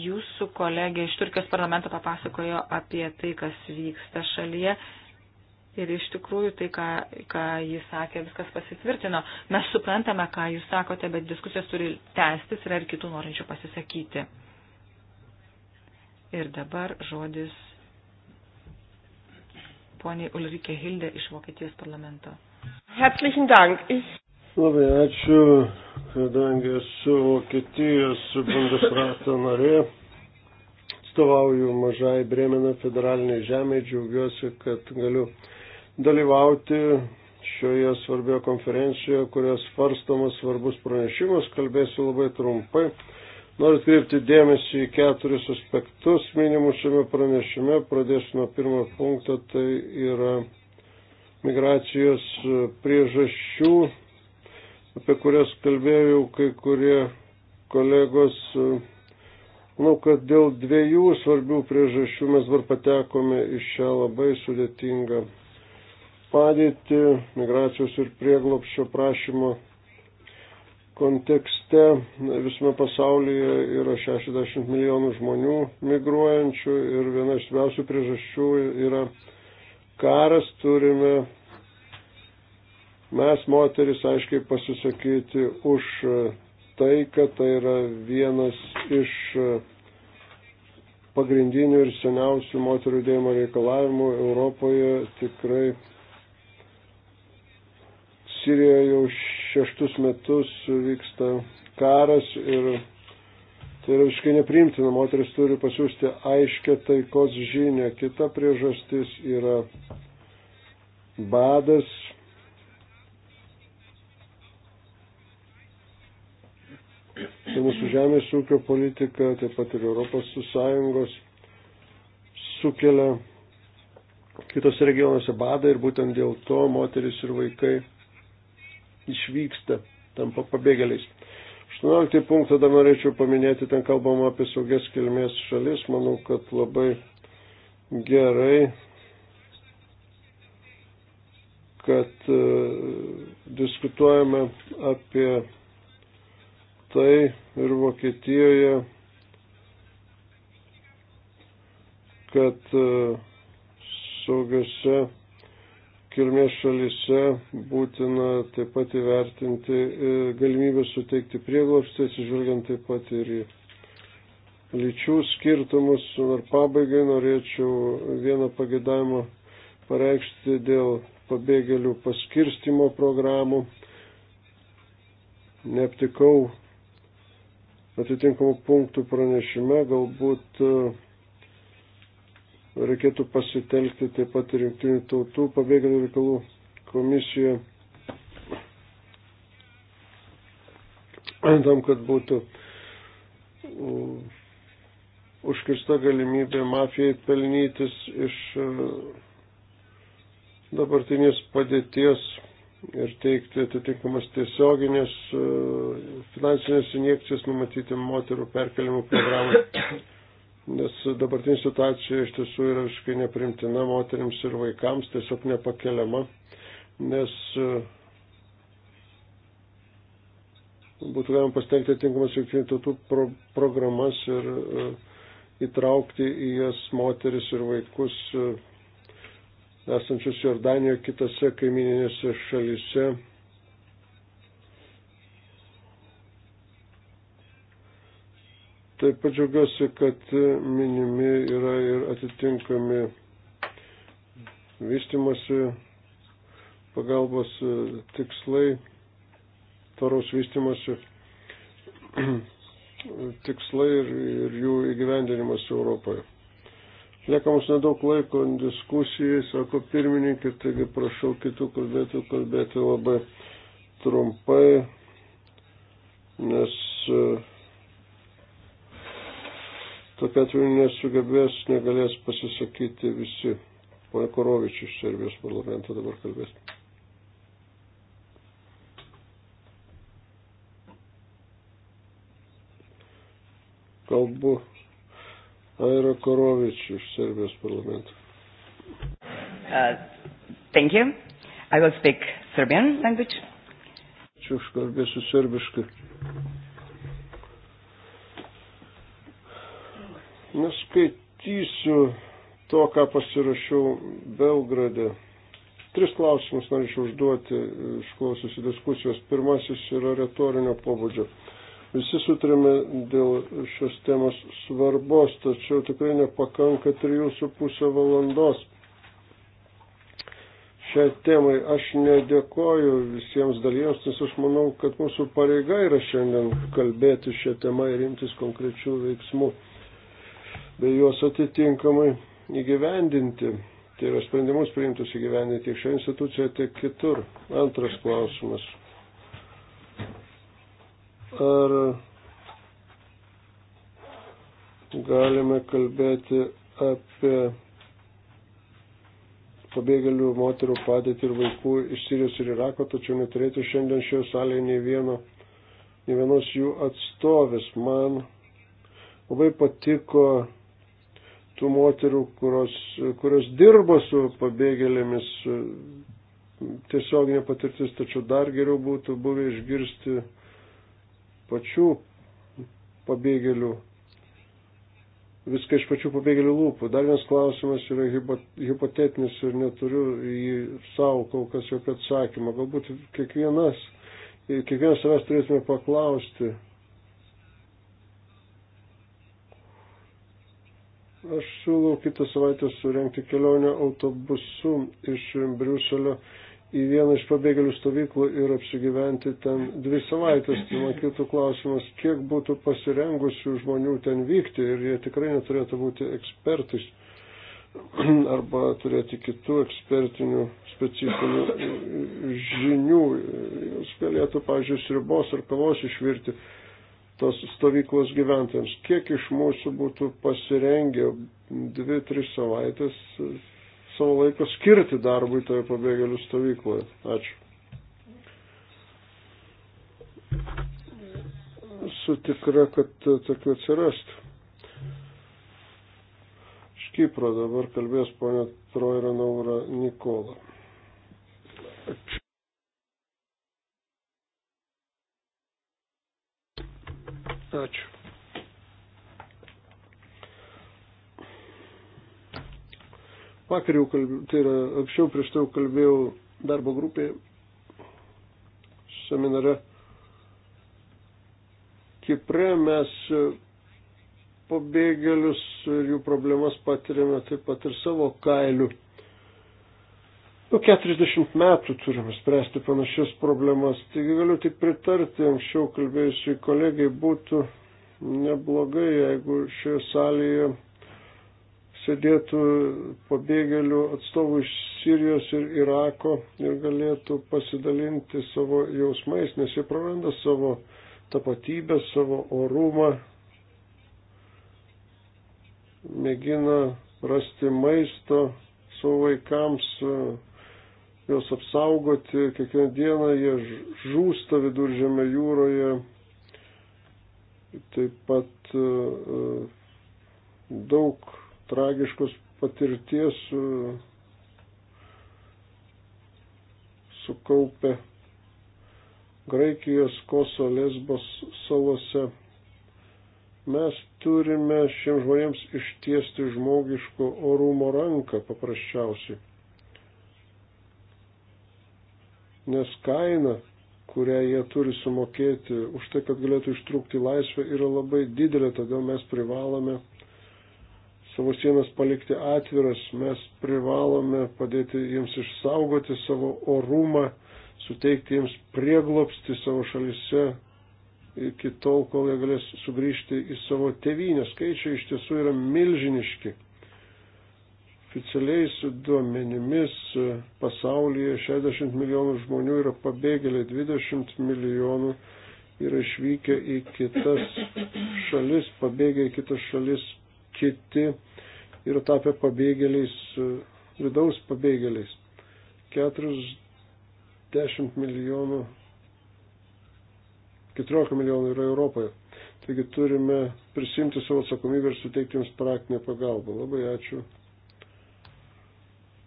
jūsų kolegė iš Turkijos parlamento papasakojo apie tai, kas vyksta šalyje. Ir iš tikrųjų tai, ką, ką jis sakė, viskas pasitvirtino. Mes suprantame, ką jūs sakote, bet diskusijos turi tęstis ir ar kitų norinčių pasisakyti. Ir dabar žodis poniai Ulrike Hilde iš Vokietijos parlamento. Herzlichen Dank. Labai ačiū, kadangi esu Vokietijos bundesrato narė. Atstovauju mažai Bremeno federaliniai žemė, džiaugiuosi, kad galiu dalyvauti šioje svarbioje konferencijoje, kurios svarstamas svarbus pranešimas, kalbėsiu labai trumpai. Noriu atkreipti dėmesį į keturis aspektus minimus šiame pranešime. Pradėsiu nuo pirmo punkto, tai yra migracijos priežasčių, apie kurias kalbėjau kai kurie kolegos. Manau, kad dėl dviejų svarbių priežasčių mes dabar patekome į šią labai sudėtingą padėtį migracijos ir prieglopščio prašymo kontekste visame pasaulyje yra 60 milijonų žmonių migruojančių ir viena iš svarbiausių priežasčių yra karas. Turime mes moteris aiškiai pasisakyti už tai, kad tai yra vienas iš pagrindinių ir seniausių moterų dėjimo reikalavimų Europoje tikrai Sirijoje jau šeštus metus vyksta karas ir tai yra visiškai nepriimtina. Moteris turi pasiūsti aiškę taikos žinę. Kita priežastis yra badas. Tai mūsų žemės ūkio politika, taip pat ir Europos Sąjungos sukelia kitose regionuose badą ir būtent dėl to moteris ir vaikai išvyksta, tampa pabėgėliais. 18 punktą dar norėčiau paminėti, ten kalbama apie saugias kilmės šalis. Manau, kad labai gerai, kad e, diskutuojame apie tai ir Vokietijoje, kad e, saugiose kilmės šalise būtina taip pat įvertinti e, galimybę suteikti prieglobstį, atsižvelgiant taip pat ir į lyčių skirtumus. Nu, ir pabaigai norėčiau vieną pagėdavimą pareikšti dėl pabėgėlių paskirstimo programų. Neaptikau atitinkamų punktų pranešime, galbūt e, reikėtų pasitelkti taip pat ir jungtinių tautų pabėgėlių reikalų komisiją tam, kad būtų mm, užkirsta galimybė mafijai pelnytis iš mm, dabartinės padėties ir teikti atitinkamas tiesioginės mm, finansinės injekcijas numatyti moterų perkelimų programą nes dabartinė situacija iš tiesų yra visiškai neprimtina moteriams ir vaikams, tiesiog nepakeliama, nes e, būtų galima pasitelkti tinkamas jungtinių tautų pro programas ir e, įtraukti į jas moteris ir vaikus e, esančius Jordanijoje, kitose kaimininėse šalyse Taip pat džiaugiuosi, kad minimi yra ir atitinkami vystimosi pagalbos e, tikslai, taraus vystimosi tikslai ir, ir jų įgyvendinimas Europoje. Lieka mums nedaug laiko diskusijai, sako pirmininkė, taigi prašau kitų kalbėtų kalbėti labai trumpai, nes uh, tokia atveju nesugebės, negalės pasisakyti visi. Pone Korovičius iš Serbijos parlamento dabar kalbės. Kalbu Aira Korovičius iš Serbijos parlamento. Uh, thank you. I will speak Serbian language. Ačiū, aš kalbėsiu serbiškai. Neskaitysiu to, ką pasirašiau Belgrade. Tris klausimus norėčiau užduoti, išklausiusi diskusijos. Pirmasis yra retorinio pobūdžio. Visi sutrėme dėl šios temos svarbos, tačiau tikrai nepakanka trijų su pusę valandos šiai temai. Aš nedėkoju visiems dalyvams, nes aš manau, kad mūsų pareiga yra šiandien kalbėti šią temą ir imtis konkrečių veiksmų bei juos atitinkamai įgyvendinti. Tai yra sprendimus priimtus įgyvendinti tiek šioje institucijoje, tiek kitur. Antras klausimas. Ar galime kalbėti apie pabėgėlių moterų padėtį ir vaikų iš Sirijos ir Irako, tačiau neturėti šiandien šioje salėje nei vieno, nei vienos jų atstovės. Man labai patiko tų moterų, kurios, kurios dirbo su pabėgėlėmis, tiesioginė patirtis, tačiau dar geriau būtų buvę išgirsti pačių pabėgėlių, viską iš pačių pabėgėlių lūpų. Dar vienas klausimas yra hipotetinis ir neturiu jį savo kol kas jokio atsakymo. Galbūt kiekvienas, kiekvienas savęs turėtume paklausti, Aš siūlau kitą savaitę surenkti kelionę autobusu iš Briuselio į vieną iš pabėgėlių stovyklų ir apsigyventi ten dvi savaitės. Tai man kitų klausimas, kiek būtų pasirengusių žmonių ten vykti ir jie tikrai neturėtų būti ekspertais arba turėti kitų ekspertinių specifinių žinių. Jūs galėtų, pažiūrėjus, ribos ar kavos išvirti tos stovyklos gyventojams. Kiek iš mūsų būtų pasirengę dvi, tris savaitės savo laiką skirti darbui toje pabėgėlių stovykloje? Ačiū. Esu tikra, kad tokių atsirastų. Iš Kipro dabar kalbės ponia Trojra Naura Nikola. Ačiū. Ačiū. Vakar jau kalbėjau, tai yra anksčiau prieš tai jau kalbėjau darbo grupėje seminare. Kipre mes pabėgėlius ir jų problemas patiriame taip pat ir savo kailių. Nu, 40 metų turime spręsti panašias problemas, taigi galiu tik pritarti anksčiau kalbėjusiai kolegai, būtų neblogai, jeigu šioje salėje sėdėtų pabėgėlių atstovų iš Sirijos ir Irako ir galėtų pasidalinti savo jausmais, nes jie praranda savo tapatybę, savo orumą, mėgina rasti maisto savo vaikams juos apsaugoti. Kiekvieną dieną jie žūsta viduržėme jūroje. Taip pat e, e, daug tragiškos patirties e, sukaupę Graikijos Koso Lesbos salose. Mes turime šiems žmonėms ištiesti žmogiško orumo ranką paprasčiausiai. nes kaina, kurią jie turi sumokėti už tai, kad galėtų ištrūkti laisvę, yra labai didelė, todėl mes privalome savo sienas palikti atviras, mes privalome padėti jiems išsaugoti savo orumą, suteikti jiems prieglopsti savo šalise iki tol, kol jie galės sugrįžti į savo tėvynę. Skaičiai iš tiesų yra milžiniški. Oficialiais duomenimis pasaulyje 60 milijonų žmonių yra pabėgėliai, 20 milijonų yra išvykę į kitas šalis, pabėgę į kitas šalis, kiti yra tapę pabėgėliais, vidaus pabėgėliais. 40 milijonų, 14 milijonų yra Europoje. Taigi turime prisimti savo atsakomybę ir suteikti jums praktinę pagalbą. Labai ačiū.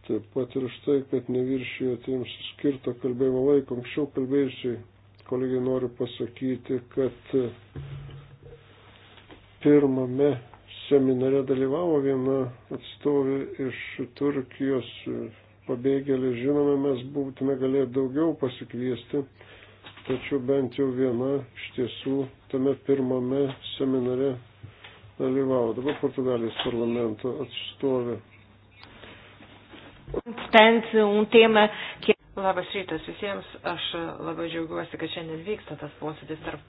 Taip pat ir už tai, kad neviršijote jums skirto kalbėjimo laiko. Anksčiau kalbėjusiai kolegai noriu pasakyti, kad pirmame seminare dalyvavo viena atstovė iš Turkijos pabėgėlė. Žinome, mes būtume galėję daugiau pasikviesti, tačiau bent jau viena iš tiesų tame pirmame seminare dalyvavo. Dabar Portugalijos parlamento atstovė. Labas rytas visiems. Aš labai džiaugiuosi, kad šiandien vyksta tas posėdis tarp,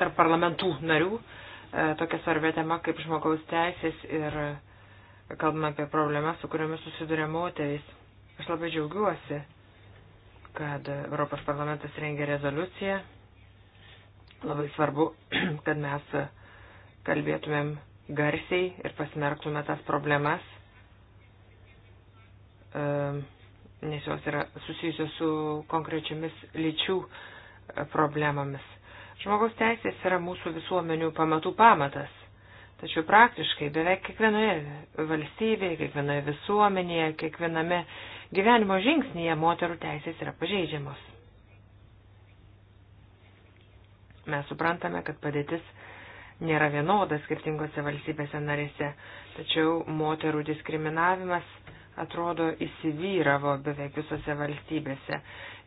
tarp parlamentų narių. E, tokia svarbia tema kaip žmogaus teisės ir kalbame apie problemas, su kuriomis susiduria moteris. Aš labai džiaugiuosi, kad Europos parlamentas rengia rezoliuciją. Labai svarbu, kad mes kalbėtumėm garsiai ir pasmerktume tas problemas nes jos yra susijusios su konkrečiamis lyčių e, problemomis. Žmogaus teisės yra mūsų visuomenių pamatų pamatas, tačiau praktiškai beveik kiekvienoje valstybėje, kiekvienoje visuomenėje, kiekviename gyvenimo žingsnyje moterų teisės yra pažeidžiamos. Mes suprantame, kad padėtis nėra vienoda skirtingose valstybėse narėse, tačiau moterų diskriminavimas atrodo įsivyravo beveik visose valstybėse.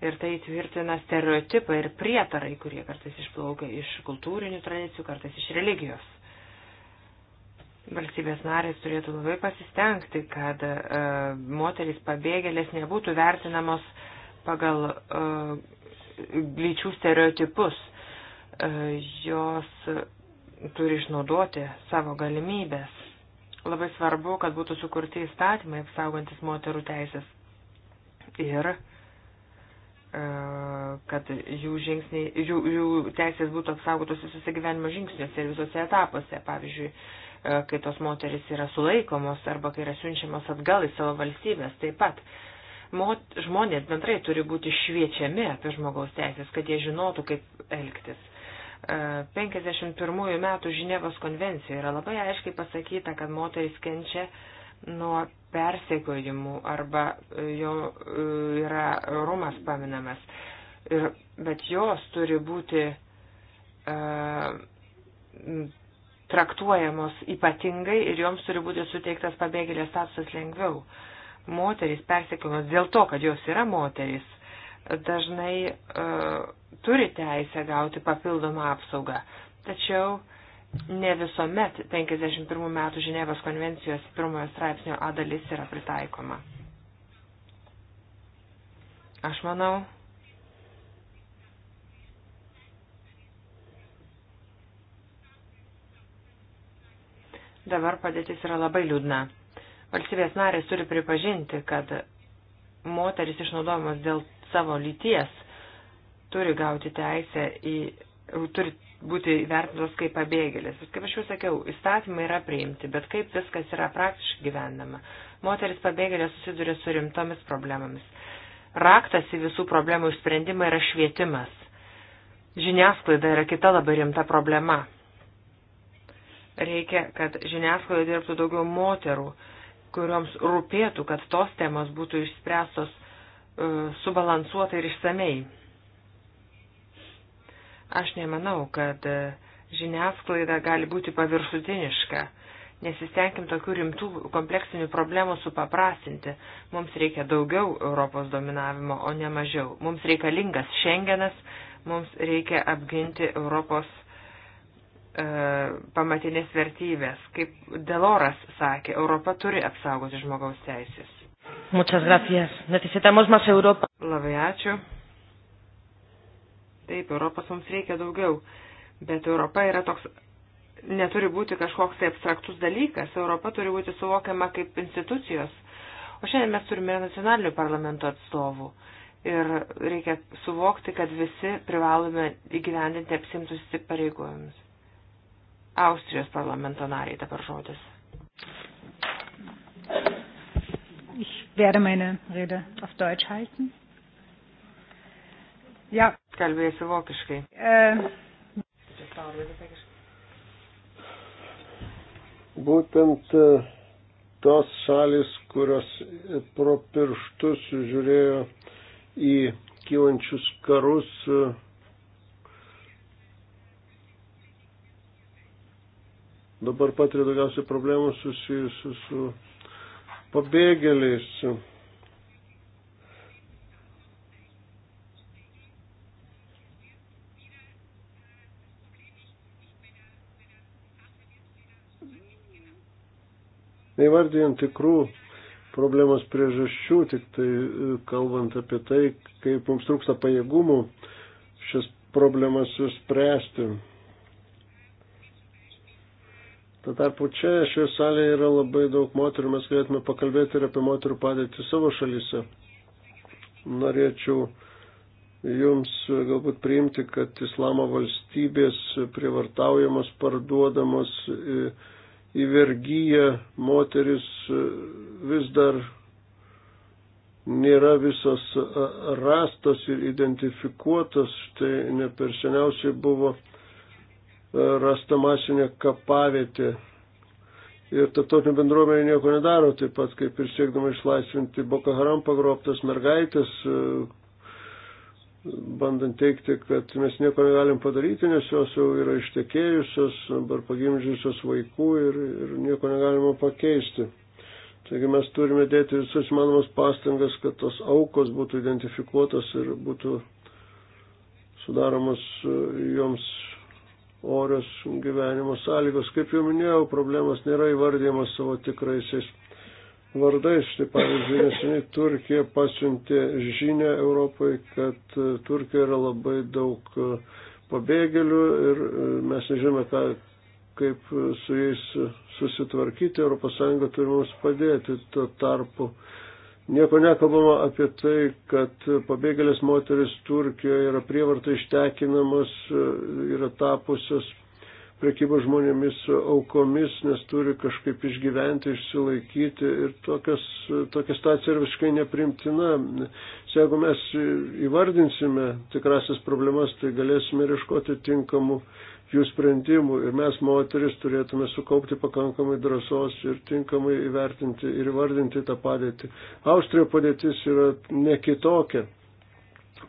Ir tai tvirtina stereotipai ir prietarai, kurie kartais išplaukia iš kultūrinių tradicijų, kartais iš religijos. Valstybės narės turėtų labai pasistengti, kad e, moteris pabėgėlės nebūtų vertinamos pagal e, lyčių stereotipus. E, jos turi išnaudoti savo galimybės Labai svarbu, kad būtų sukurti įstatymai apsaugantis moterų teisės ir e, kad jų, žingsniai, jų, jų teisės būtų apsaugotos visose gyvenimo žingsniuose ir visose etapuose. Pavyzdžiui, e, kai tos moteris yra sulaikomos arba kai yra siunčiamos atgal į savo valstybės taip pat žmonės bendrai turi būti šviečiami apie žmogaus teisės, kad jie žinotų, kaip elgtis. 51 metų Ženevos konvencijoje yra labai aiškiai pasakyta, kad moteris kenčia nuo persekiojimų arba e, jo e, yra rumas paminamas. Ir, bet jos turi būti uh, traktuojamos ypatingai ir joms turi būti suteiktas pabėgėlės statusas lengviau. Moterys persekiojamos dėl to, kad jos yra moterys, dažnai uh, turi teisę gauti papildomą apsaugą, tačiau ne visuomet 51 metų Ženevos konvencijos pirmojo straipsnio A dalis yra pritaikoma. Aš manau, dabar padėtis yra labai liūdna. Valstybės narės turi pripažinti, kad moteris išnaudojamos dėl savo lyties turi gauti teisę į, turi būti vertintos kaip pabėgėlis. Kaip aš jau sakiau, įstatymai yra priimti, bet kaip viskas yra praktiškai gyvenama. Moteris pabėgėlė susiduria su rimtomis problemomis. Raktas į visų problemų išsprendimą yra švietimas. Žiniasklaida yra kita labai rimta problema. Reikia, kad žiniasklaida dirbtų daugiau moterų, kurioms rūpėtų, kad tos temos būtų išspręstos uh, subalansuotai ir išsamei. Aš nemanau, kad e, žiniasklaida gali būti paviršutiniška. Nesistengim tokių rimtų kompleksinių problemų supaprastinti. Mums reikia daugiau Europos dominavimo, o ne mažiau. Mums reikalingas Šengenas, mums reikia apginti Europos e, pamatinės vertybės. Kaip Deloras sakė, Europa turi apsaugoti žmogaus teisės. Muchas gracias. Necesitamos más Europa. Labai ačiū. Taip, Europos mums reikia daugiau, bet Europa yra toks, neturi būti kažkoks tai abstraktus dalykas, Europa turi būti suvokiama kaip institucijos. O šiandien mes turime nacionalinių parlamento atstovų ir reikia suvokti, kad visi privalome įgyvendinti apsimtus įsipareigojimus. Austrijos parlamento nariai dabar žodis. Ich werde meine Rede auf Deutsch halten. Ja. Kalbėsiu vokiškai. E... Būtent e, tos šalis, kurios e, pro pirštus žiūrėjo į kylančius karus, e, dabar patiria daugiausiai problemų susijusių su pabėgėliais. Neįvardijant tikrų problemos priežasčių, tik tai e, kalbant apie tai, kaip mums trūksta pajėgumų šias problemas spręsti. Tuo tarpu čia šioje salėje yra labai daug moterų, mes galėtume pakalbėti ir apie moterų padėtį savo šalyse. Norėčiau jums e, galbūt priimti, kad islamo valstybės prievartaujamos, parduodamos. E, į vergyją moteris e, vis dar nėra visos e, rastos ir identifikuotos. Tai ne per seniausiai buvo e, rasta masinė kapavietė. Ir tarptautinė bendruomenė nieko nedaro, taip pat kaip ir siekdama išlaisvinti Boko Haram pagrobtas mergaitės, bandant teikti, kad mes nieko negalim padaryti, nes jos jau yra ištekėjusios, dabar pagimdžiusios vaikų ir, ir nieko negalima pakeisti. Taigi mes turime dėti visus manomas pastangas, kad tos aukos būtų identifikuotos ir būtų sudaromos e, joms orios gyvenimo sąlygos. Kaip jau minėjau, problemas nėra įvardymas savo tikraisiais vardais. Tai pavyzdžiui, neseniai Turkija pasiuntė žinę Europai, kad e, Turkija yra labai daug e, pabėgėlių ir e, mes nežinome, ką, kaip su jais susitvarkyti. ES turi mums padėti. Tuo tarpu nieko nekalbama apie tai, kad pabėgėlės moteris Turkijoje yra prievarta ištekinamos, yra tapusios prekybos žmonėmis aukomis, nes turi kažkaip išgyventi, išsilaikyti ir tokias, tokia stacija yra visiškai neprimtina. Se, jeigu mes įvardinsime tikrasias problemas, tai galėsime ieškoti tinkamų jų sprendimų ir mes moteris turėtume sukaupti pakankamai drąsos ir tinkamai įvertinti ir įvardinti tą padėtį. Austrijo padėtis yra ne kitokia.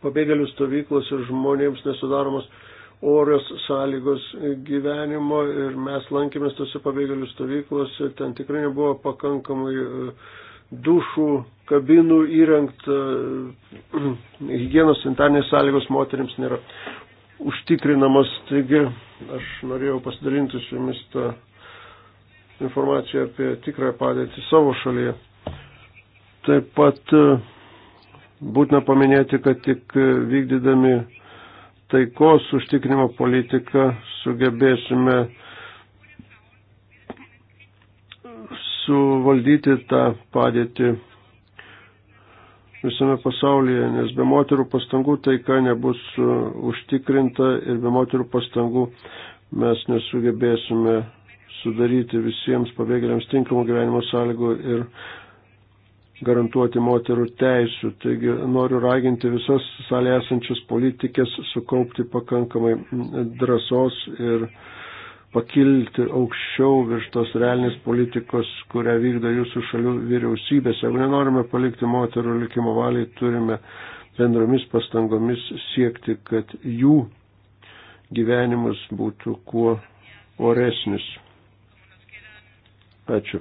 Pabėgėlių stovyklose žmonėms nesudaromos orios sąlygos gyvenimo ir mes lankėmės tose pabėgėlių stovyklose, ten tikrai nebuvo pakankamai e, dušų, kabinų įrengta, e, hygienos sanitarnės sąlygos moteriams nėra užtikrinamos, taigi aš norėjau pasidalinti su jumis tą informaciją apie tikrąją padėtį savo šalyje. Taip pat e, būtina paminėti, kad tik vykdydami taikos užtikrinimo politiką sugebėsime suvaldyti tą padėtį visame pasaulyje, nes be moterų pastangų taika nebus užtikrinta ir be moterų pastangų mes nesugebėsime sudaryti visiems pabėgėliams tinkamų gyvenimo sąlygų ir garantuoti moterų teisų. Taigi noriu raginti visas salėje esančias politikės sukaupti pakankamai drąsos ir pakilti aukščiau virš tos realinės politikos, kurią vykdo jūsų šalių vyriausybės. Jeigu nenorime palikti moterų likimo valiai, turime bendromis pastangomis siekti, kad jų gyvenimas būtų kuo oresnis. Ačiū.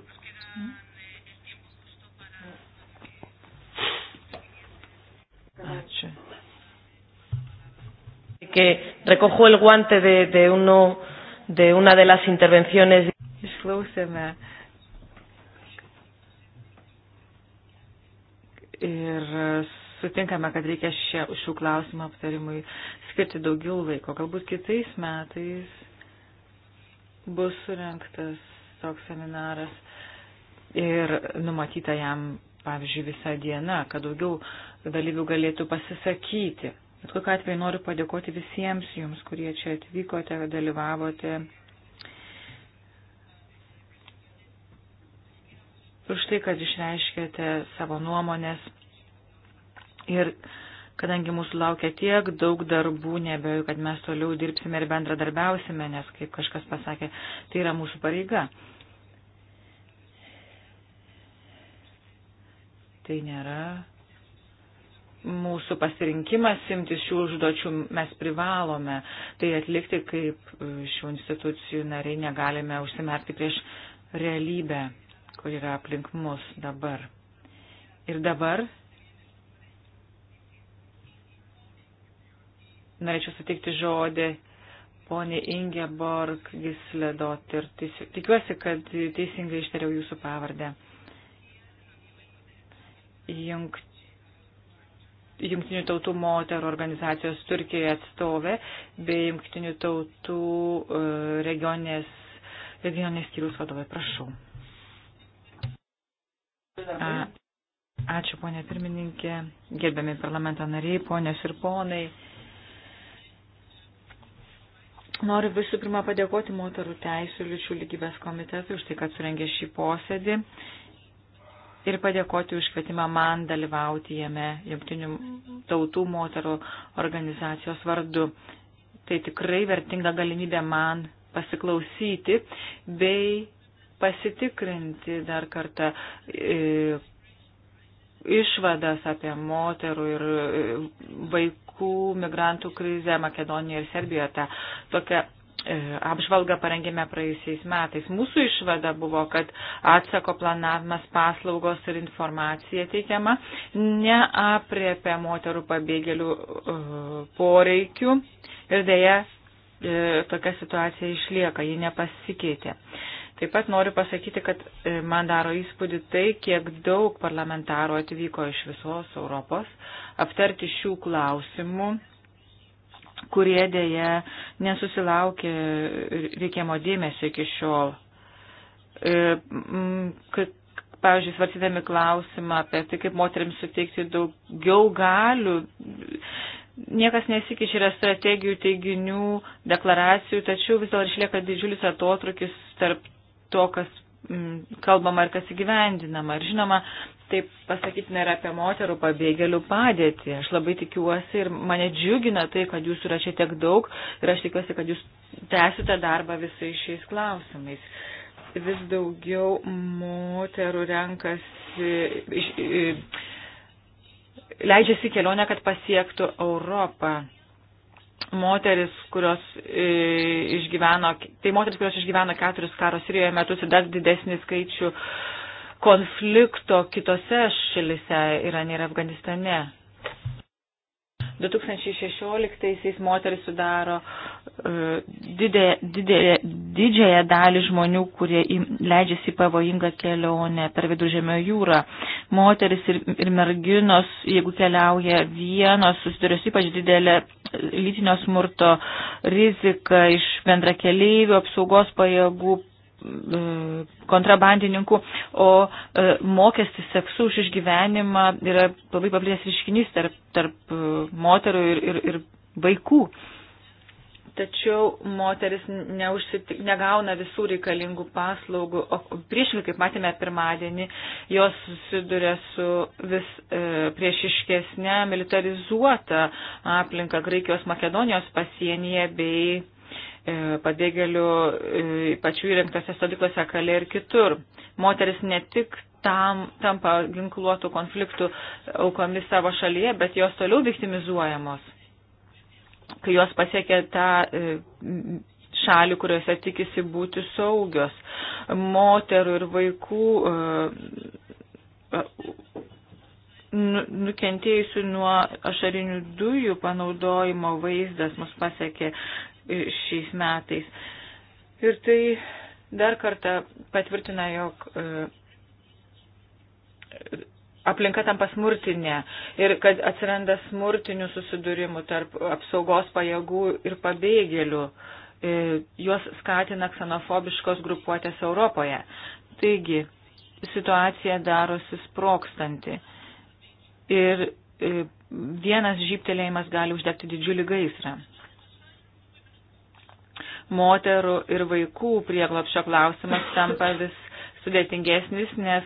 que recojo el guante de, de, uno, de una de las intervenciones. Išklausėme. Ir sutinkame, kad reikia šia, šių klausimų aptarimui skirti daugiau laiko. Galbūt kitais metais bus surinktas toks seminaras ir numatyta jam, pavyzdžiui, visą dieną, kad daugiau dalyvių galėtų pasisakyti. Bet kokiu atveju noriu padėkoti visiems jums, kurie čia atvykote, dalyvavote. Už tai, kad išreiškėte savo nuomonės. Ir kadangi mūsų laukia tiek daug darbų, nebejoju, kad mes toliau dirbsime ir bendradarbiausime, nes, kaip kažkas pasakė, tai yra mūsų pareiga. Tai nėra mūsų pasirinkimas imtis šių užduočių mes privalome tai atlikti, kaip e, šių institucijų nariai negalime užsimerkti prieš realybę, kur yra aplink mus dabar. Ir dabar norėčiau sutikti žodį ponė Ingeborg Gisledot ir tikiuosi, kad teisingai ištariau jūsų pavardę. Jungt Jungtinių tautų moterų organizacijos Turkijoje atstovė bei Jungtinių tautų e, regionės, regionės skyrius vadovai. Prašau. A, ačiū, ponė pirmininkė, gerbiami parlamento nariai, ponės ir ponai. Noriu visų pirma padėkoti moterų teisų lyčių lygybės komitetui už tai, kad surengė šį posėdį ir padėkoti už kvietimą man dalyvauti jame Junktinių tautų moterų organizacijos vardu. Tai tikrai vertinga galimybė man pasiklausyti bei pasitikrinti dar kartą e, išvadas apie moterų ir e, vaikų migrantų krizę Makedonijoje ir Serbijoje, tą tokią E, apžvalgą parengėme praėjusiais metais. Mūsų išvada buvo, kad atsako planavimas paslaugos ir informacija teikiama neapriepia moterų pabėgėlių e, poreikių ir dėja e, tokia situacija išlieka, ji nepasikeitė. Taip pat noriu pasakyti, kad man daro įspūdį tai, kiek daug parlamentarų atvyko iš visos Europos aptarti šių klausimų kurie dėje nesusilaukė reikiamo dėmesio iki šiol. E, kad, pavyzdžiui, svarstydami klausimą apie tai, kaip moteriams suteikti daugiau galių, niekas nesikiš yra strategijų, teiginių, deklaracijų, tačiau vis dėlto išlieka didžiulis atotrukis tarp to, kas Mm, kalbama ir kas įgyvendinama. Ir žinoma, taip pasakytina ir apie moterų pabėgėlių padėtį. Aš labai tikiuosi ir mane džiugina tai, kad jūs yra šiek tiek daug ir aš tikiuosi, kad jūs tęsite darbą visais šiais klausimais. Vis daugiau moterų renkasi, leidžiasi kelionę, kad pasiektų Europą moteris, kurios e, išgyveno, tai moteris, kurios išgyveno keturis karo Sirijoje metus ir dar didesnį skaičių konflikto kitose šalise, Irane ir Afganistane. 2016 moteris sudaro e, didė, didė, didžiąją dalį žmonių, kurie leidžiasi į pavojingą kelionę per viduržėmio jūrą. Moteris ir, ir merginos, jeigu keliauja vienos, susiduria su ypač didelė lytinio smurto rizika iš bendrakeleivių apsaugos pajėgų E, kontrabandininkų, o e, mokestis seksu už išgyvenimą yra labai paplitęs ryškinys tarp, tarp e, moterų ir, ir, ir vaikų. Tačiau moteris neužsit, negauna visų reikalingų paslaugų, o priešingai, kaip matėme pirmadienį, jos susiduria su vis e, priešiškesnė militarizuota aplinka Graikijos Makedonijos pasienyje bei E, pabėgėlių e, pačių įrengtose stovyklose kalė ir kitur. Moteris ne tik tam, tampa ginkluotų konfliktų aukomis savo šalyje, bet jos toliau viktimizuojamos, kai jos pasiekia tą e, šalį, kuriuose tikisi būti saugios. Moterų ir vaikų nu, nukentėjusių nuo ašarinių dujų panaudojimo vaizdas mus pasiekė šiais metais. Ir tai dar kartą patvirtina, jog e, aplinka tampa smurtinė ir kad atsiranda smurtinių susidūrimų tarp apsaugos pajėgų ir pabėgėlių. E, juos skatina ksenofobiškos grupuotės Europoje. Taigi, situacija darosi sprokstanti. Ir e, vienas žyptelėjimas gali uždegti didžiulį gaisrą moterų ir vaikų prieglopšio klausimas tampa vis sudėtingesnis, nes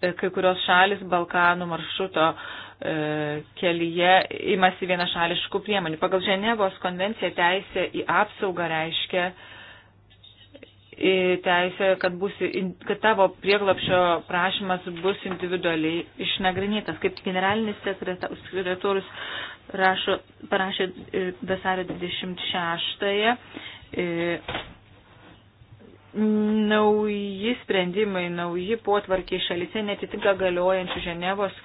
e, kai kurios šalis Balkanų maršruto e, kelyje imasi vienašališkų priemonių. Pagal Ženevos konvenciją teisė į apsaugą reiškia e, teisė, kad, būsi, kad tavo prieglapšio prašymas bus individualiai išnagrinėtas. Kaip generalinis sekretorius rašo, parašė e, vasario 26-ąją nauji sprendimai, nauji potvarkiai šalyse netitinka galiojančių Ženevos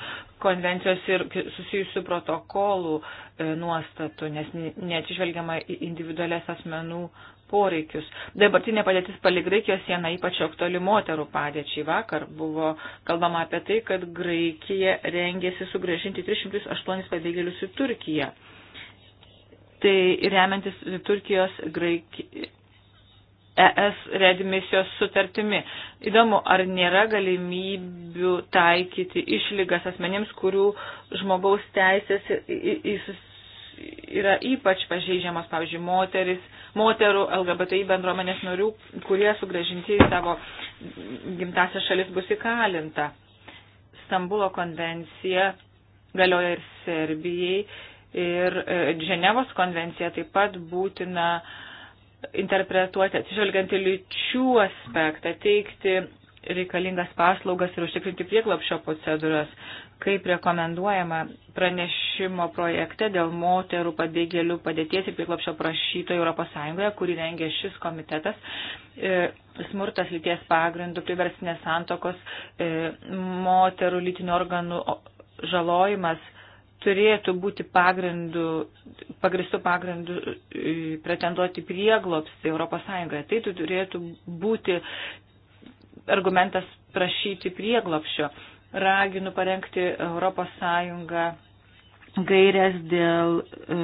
konvencijos ir susijusių protokolų e, nuostatų, nes neatsižvelgiama į individualias asmenų poreikius. Dabartinė padėtis palik Graikijos sieną ypač aktuali moterų padėčiai. Vakar buvo kalbama apie tai, kad Graikija rengėsi sugražinti 308 pabėgėlius į Turkiją. Tai remiantis Turkijos Graikijos ES redmisijos sutartimi. Įdomu, ar nėra galimybių taikyti išlygas asmenims, kurių žmogaus teisės yra ypač pažeidžiamas, pavyzdžiui, moteris, moterų LGBTI bendruomenės narių, kurie sugražinti į savo gimtasią šalis bus įkalinta. Stambulo konvencija galioja ir Serbijai ir e, Ženevos konvencija taip pat būtina uh, interpretuoti, atsižvelgiant į lyčių aspektą, teikti reikalingas paslaugas ir užtikrinti prieglapšio procedūras, kaip rekomenduojama pranešimo projekte dėl moterų pabėgėlių padėties ir prieglapšio prašytojų ES, kurį rengė šis komitetas, e, smurtas lyties pagrindų, priversinės santokos, e, moterų lytinių organų žalojimas turėtų būti pagrindu, pagristų pagrindu e, pretenduoti prieglopsti Europos Sąjungoje. Tai turėtų būti argumentas prašyti prieglopščio. Raginu parengti Europos Sąjungą gairias dėl e,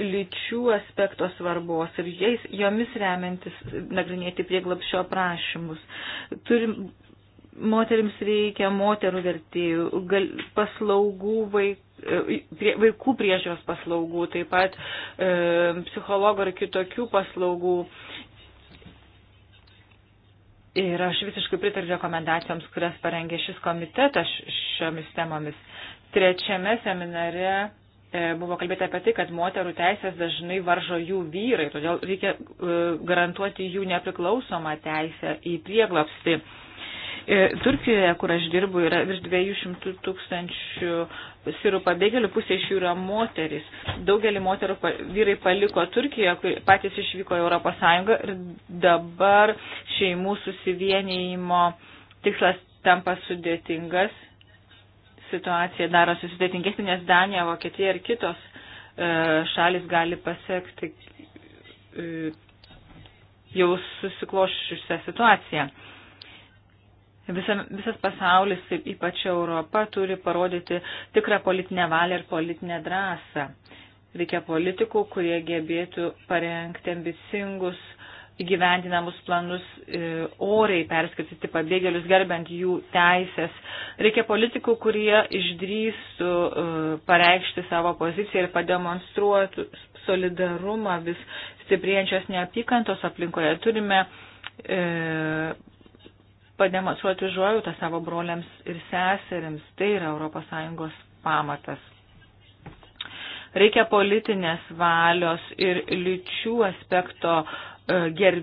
lyčių aspekto svarbos ir jais, jomis remiantis nagrinėti prieglapšio prašymus. Turim moteriams reikia moterų vertėjų, gal, paslaugų, vaik, e, vaikų priežios paslaugų, taip pat e, psichologų ar kitokių paslaugų. Ir aš visiškai pritariu rekomendacijoms, kurias parengė šis komitetas šiomis temomis. Trečiame seminare e, buvo kalbėta apie tai, kad moterų teisės dažnai varžo jų vyrai, todėl reikia e, garantuoti jų nepriklausomą teisę į prieglapsti. E, Turkijoje, kur aš dirbu, yra virš 200 tūkstančių sirų pabėgėlių, pusė iš jų yra moteris. Daugelį moterų vyrai paliko Turkiją, patys išvyko į Europos Sąjungą ir dabar šeimų susivienijimo tikslas tampa sudėtingas. Situacija daro susidėtingesnė, nes Danija, Vokietija ir kitos e, šalis gali pasiekti e, jau susiklošusią situaciją. Visa, visas pasaulis, ypač Europa, turi parodyti tikrą politinę valią ir politinę drąsą. Reikia politikų, kurie gebėtų parengti ambicingus įgyvendinamus planus e, oriai perskirtyti pabėgėlius, gerbent jų teisės. Reikia politikų, kurie išdrįstų e, pareikšti savo poziciją ir pademonstruotų solidarumą vis stiprėjančios neapykantos aplinkoje. Turime e, pademonstruoti užuojautą savo broliams ir seserims. Tai yra ES pamatas. Reikia politinės valios ir lyčių aspekto e, ger...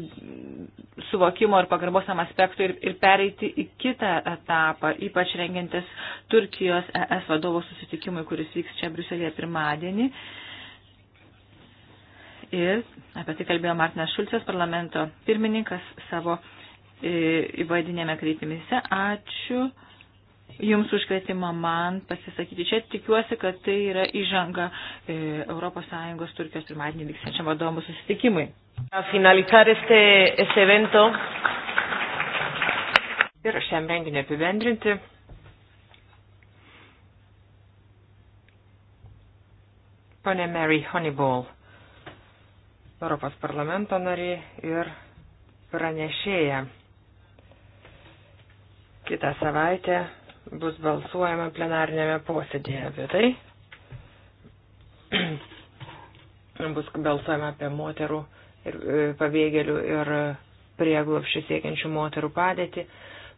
suvokimo ir pagarbos tam aspektui ir, ir pereiti į kitą etapą, ypač rengiantis Turkijos ES vadovų susitikimui, kuris vyks čia Briuselėje pirmadienį. Ir apie tai kalbėjo Martinas Šulcės, parlamento pirmininkas, savo uh, įvadinėme kreitimise. Ačiū Jums už kvietimą man pasisakyti. Čia tikiuosi, kad tai yra įžanga ES Turkijos pirmadienį vykstančiam vadovų susitikimui. Este, este evento. Ir šiam renginį apibendrinti. Pane Mary Honeyball, Europos parlamento narė ir pranešėja. Kitą savaitę bus balsuojama plenarinėme posėdėje apie tai. bus balsuojama apie moterų ir e, pabėgėlių ir prieglopščių siekiančių moterų padėtį.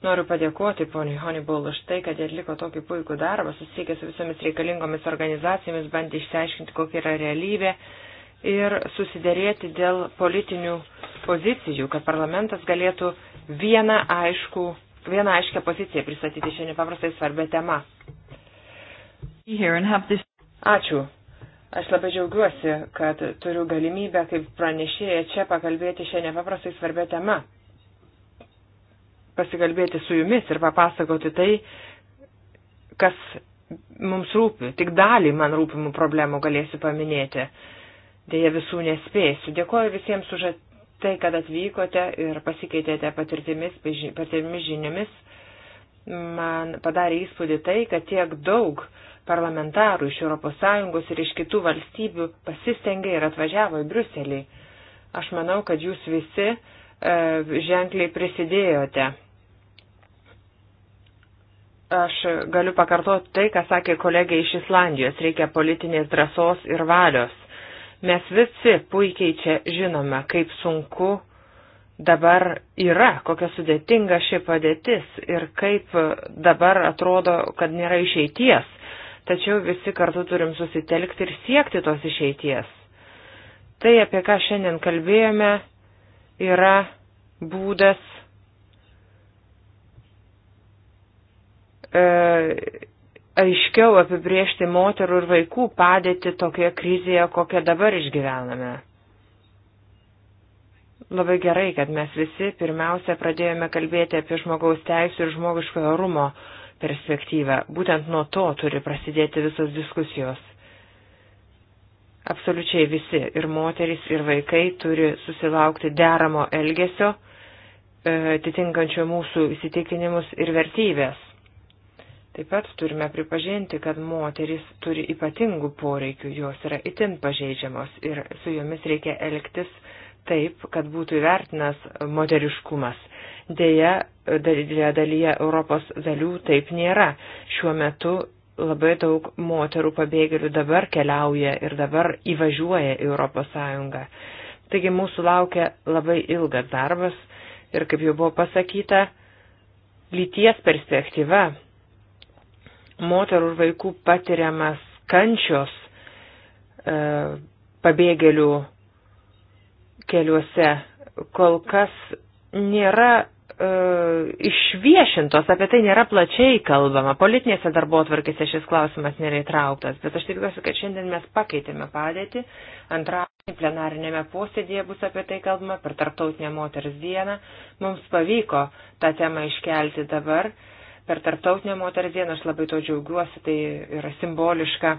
Noriu padėkoti poniai Honeyball už tai, kad jie atliko tokį puikų darbą, susiekė su visomis reikalingomis organizacijomis, bandė išsiaiškinti, kokia yra realybė ir susidėrėti dėl politinių pozicijų, kad parlamentas galėtų vieną aišku vieną aiškę poziciją pristatyti šiandien paprastai svarbę temą. Ačiū. Aš labai džiaugiuosi, kad turiu galimybę kaip pranešėja čia pakalbėti šią nepaprastai svarbę temą. Pasikalbėti su jumis ir papasakoti tai, kas mums rūpi. Tik dalį man rūpimų problemų galėsiu paminėti. Deja visų nespėsiu. Dėkuoju visiems už tai, kad atvykote ir pasikeitėte patirtimis, patirtimis žiniomis. Man padarė įspūdį tai, kad tiek daug parlamentarų iš ES ir iš kitų valstybių pasistengė ir atvažiavo į Bruselį. Aš manau, kad jūs visi e, ženkliai prisidėjote. Aš galiu pakartoti tai, ką sakė kolegė iš Islandijos. Reikia politinės drąsos ir valios Mes visi puikiai čia žinome, kaip sunku dabar yra, kokia sudėtinga ši padėtis ir kaip dabar atrodo, kad nėra išeities. Tačiau visi kartu turim susitelkti ir siekti tos išeities. Tai, apie ką šiandien kalbėjome, yra būdas e, aiškiau apibriežti moterų ir vaikų padėti tokioje krizėje, kokią dabar išgyvename. Labai gerai, kad mes visi pirmiausia pradėjome kalbėti apie žmogaus teisų ir žmogiškojo orumo perspektyvą. Būtent nuo to turi prasidėti visos diskusijos. Absoliučiai visi, ir moterys, ir vaikai, turi susilaukti deramo elgesio, e, atitinkančio mūsų įsitikinimus ir vertybės. Taip pat turime pripažinti, kad moteris turi ypatingų poreikių, jos yra itin pažeidžiamos ir su jomis reikia elgtis taip, kad būtų įvertinas moteriškumas. Deja, didelėje dalyje Europos dalių taip nėra. Šiuo metu labai daug moterų pabėgėlių dabar keliauja ir dabar įvažiuoja į Europos Sąjungą. Taigi mūsų laukia labai ilgas darbas ir, kaip jau buvo pasakyta, lyties perspektyva moterų ir vaikų patiriamas kančios e, pabėgėlių keliuose kol kas nėra e, išviešintos, apie tai nėra plačiai kalbama, politinėse darbo atvarkėse šis klausimas nėra įtrauktas, bet aš tikiuosi, kad šiandien mes pakeitėme padėtį, antradienį plenarinėme posėdėje bus apie tai kalbama, per tarptautinę moters dieną mums pavyko tą temą iškelti dabar per Tarptautinę moters dieną, aš labai to džiaugiuosi, tai yra simboliška.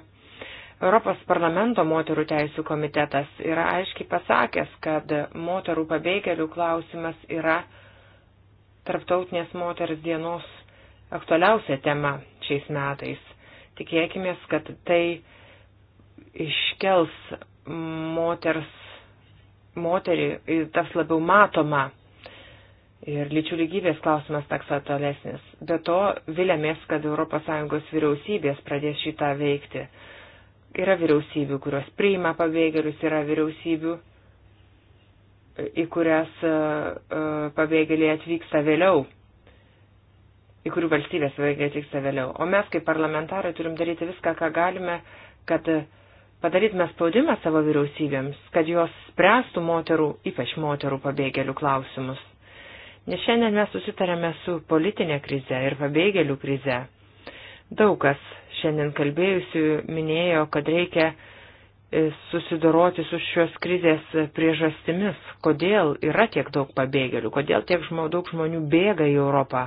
Europos parlamento moterų teisų komitetas yra aiškiai pasakęs, kad moterų pabėgėlių klausimas yra Tarptautinės moters dienos aktualiausia tema šiais metais. Tikėkime, kad tai iškels moters, moterį, tas labiau matoma Ir lyčių lygybės klausimas taks atolesnis. Be to, vilėmės, kad ES vyriausybės pradės šitą veikti. Yra vyriausybių, kurios priima pabėgėlius, yra vyriausybių, į kurias e, e, pabėgėliai atvyksta vėliau, į kurių valstybės pabėgėliai atvyksta vėliau. O mes kaip parlamentarai turim daryti viską, ką galime, kad padarytume spaudimą savo vyriausybėms, kad jos spręstų moterų, ypač moterų pabėgėlių klausimus Nes šiandien mes susitarėme su politinė krize ir pabėgėlių krize. Daug kas šiandien kalbėjusių minėjo, kad reikia e, susidoroti su šios krizės priežastimis, kodėl yra tiek daug pabėgėlių, kodėl tiek žmo, daug žmonių bėga į Europą.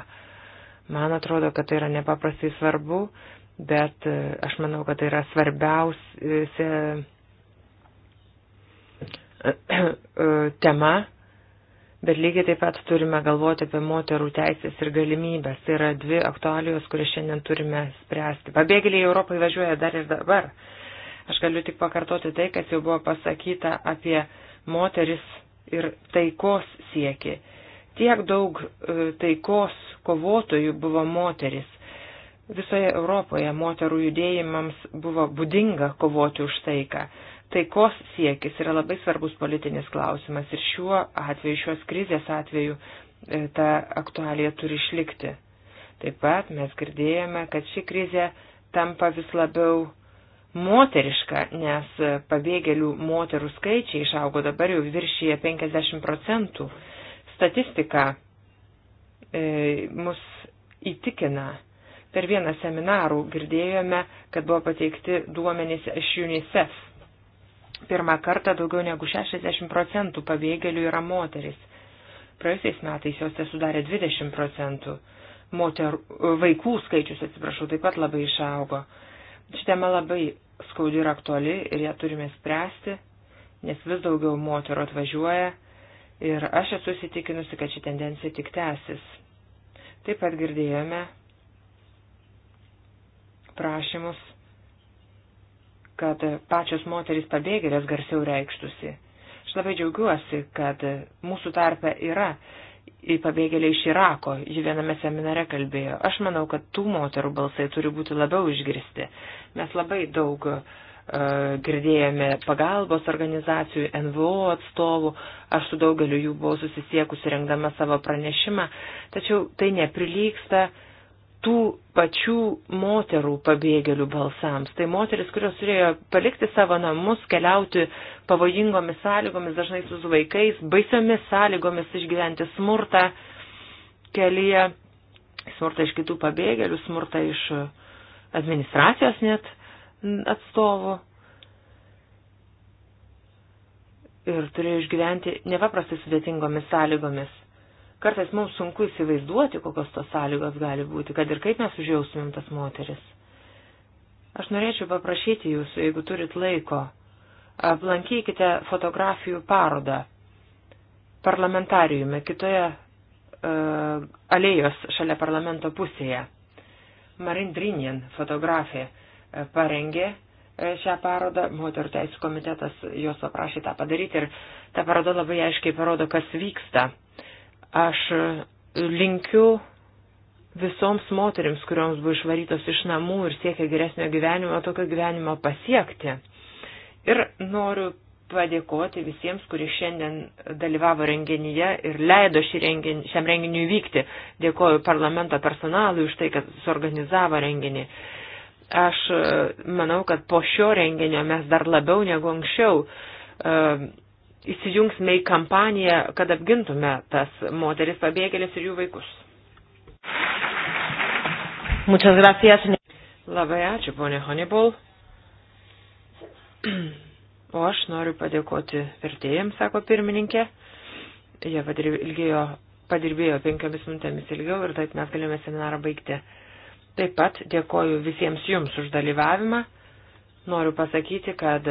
Man atrodo, kad tai yra nepaprastai svarbu, bet e, aš manau, kad tai yra svarbiausia e, tema Bet lygiai taip pat turime galvoti apie moterų teisės ir galimybės. Tai yra dvi aktualijos, kurias šiandien turime spręsti. Pabėgėliai į Europą įvažiuoja dar ir dabar. Aš galiu tik pakartoti tai, kas jau buvo pasakyta apie moteris ir taikos sieki. Tiek daug e, taikos kovotojų buvo moteris. Visoje Europoje moterų judėjimams buvo būdinga kovoti už taiką. Taikos siekis yra labai svarbus politinis klausimas ir šiuo atveju, šios krizės atveju e, ta aktualija turi išlikti. Taip pat mes girdėjome, kad ši krizė tampa vis labiau moteriška, nes pabėgėlių moterų skaičiai išaugo dabar jau viršyje 50 procentų. Statistika e, mus įtikina. Per vieną seminarų girdėjome, kad buvo pateikti duomenys iš UNICEF Pirmą kartą daugiau negu 60 procentų pabėgėlių yra moteris. Praėjusiais metais jos sudarė 20 procentų. Moter, vaikų skaičius, atsiprašau, taip pat labai išaugo. Ši tema labai skaudi ir aktuali ir ją turime spręsti, nes vis daugiau moterų atvažiuoja ir aš esu įsitikinusi, kad ši tendencija tik tęsis. Taip pat girdėjome prašymus kad pačios moteris pabėgėlės garsiau reikštųsi. Aš labai džiaugiuosi, kad mūsų tarpe yra pabėgėliai iš Irako, ji viename seminare kalbėjo. Aš manau, kad tų moterų balsai turi būti labiau išgirsti. Mes labai daug uh, girdėjome pagalbos organizacijų, NVO atstovų, aš su daugeliu jų buvau susisiekusi rengdama savo pranešimą, tačiau tai neprilyksta uh, tų pačių moterų pabėgėlių balsams. Tai moteris, kurios turėjo palikti savo namus, keliauti pavojingomis sąlygomis, dažnai su vaikais, baisiomis sąlygomis išgyventi smurtą kelyje, smurtą iš kitų pabėgėlių, smurtą iš e, administracijos net atstovų. Ir turėjo išgyventi nepaprastai sudėtingomis sąlygomis. Kartais mums sunku įsivaizduoti, kokios tos sąlygos gali būti, kad ir kaip mes užjaustumėm tas moteris. Aš norėčiau paprašyti jūsų, jeigu turit laiko, aplankykite fotografijų parodą parlamentariume kitoje uh, alėjos šalia parlamento pusėje. Marin Drinien fotografė e, parengė e, šią parodą, moterų teisų komitetas jos paprašė tą padaryti ir ta paroda labai aiškiai parodo, kas vyksta Aš e, linkiu visoms moteriams, kurioms buvo išvarytos iš namų ir siekia geresnio gyvenimo, tokio gyvenimo pasiekti. Ir noriu padėkoti visiems, kurie šiandien dalyvavo renginyje ir leido renginį, šiam renginiui vykti. Dėkoju parlamento personalui už tai, kad suorganizavo renginį. Aš e, manau, kad po šio renginio mes dar labiau negu anksčiau e, įsijungsime į kampaniją, kad apgintume tas moteris pabėgėlės ir jų vaikus. Muchas gracias. Labai ačiū, ponė Honeyball. O aš noriu padėkoti vertėjams, sako pirmininkė. Jie ilgėjo, padirbėjo penkiomis minutėmis ilgiau ir taip mes galėjome seminarą baigti. Taip pat dėkoju visiems jums už dalyvavimą. Noriu pasakyti, kad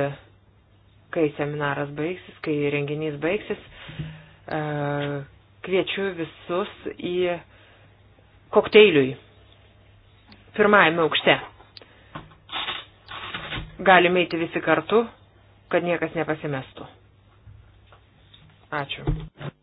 kai seminaras baigsis, kai renginys baigsis, e, kviečiu visus į kokteiliui pirmajame aukšte. Galime eiti visi kartu, kad niekas nepasimestų. Ačiū.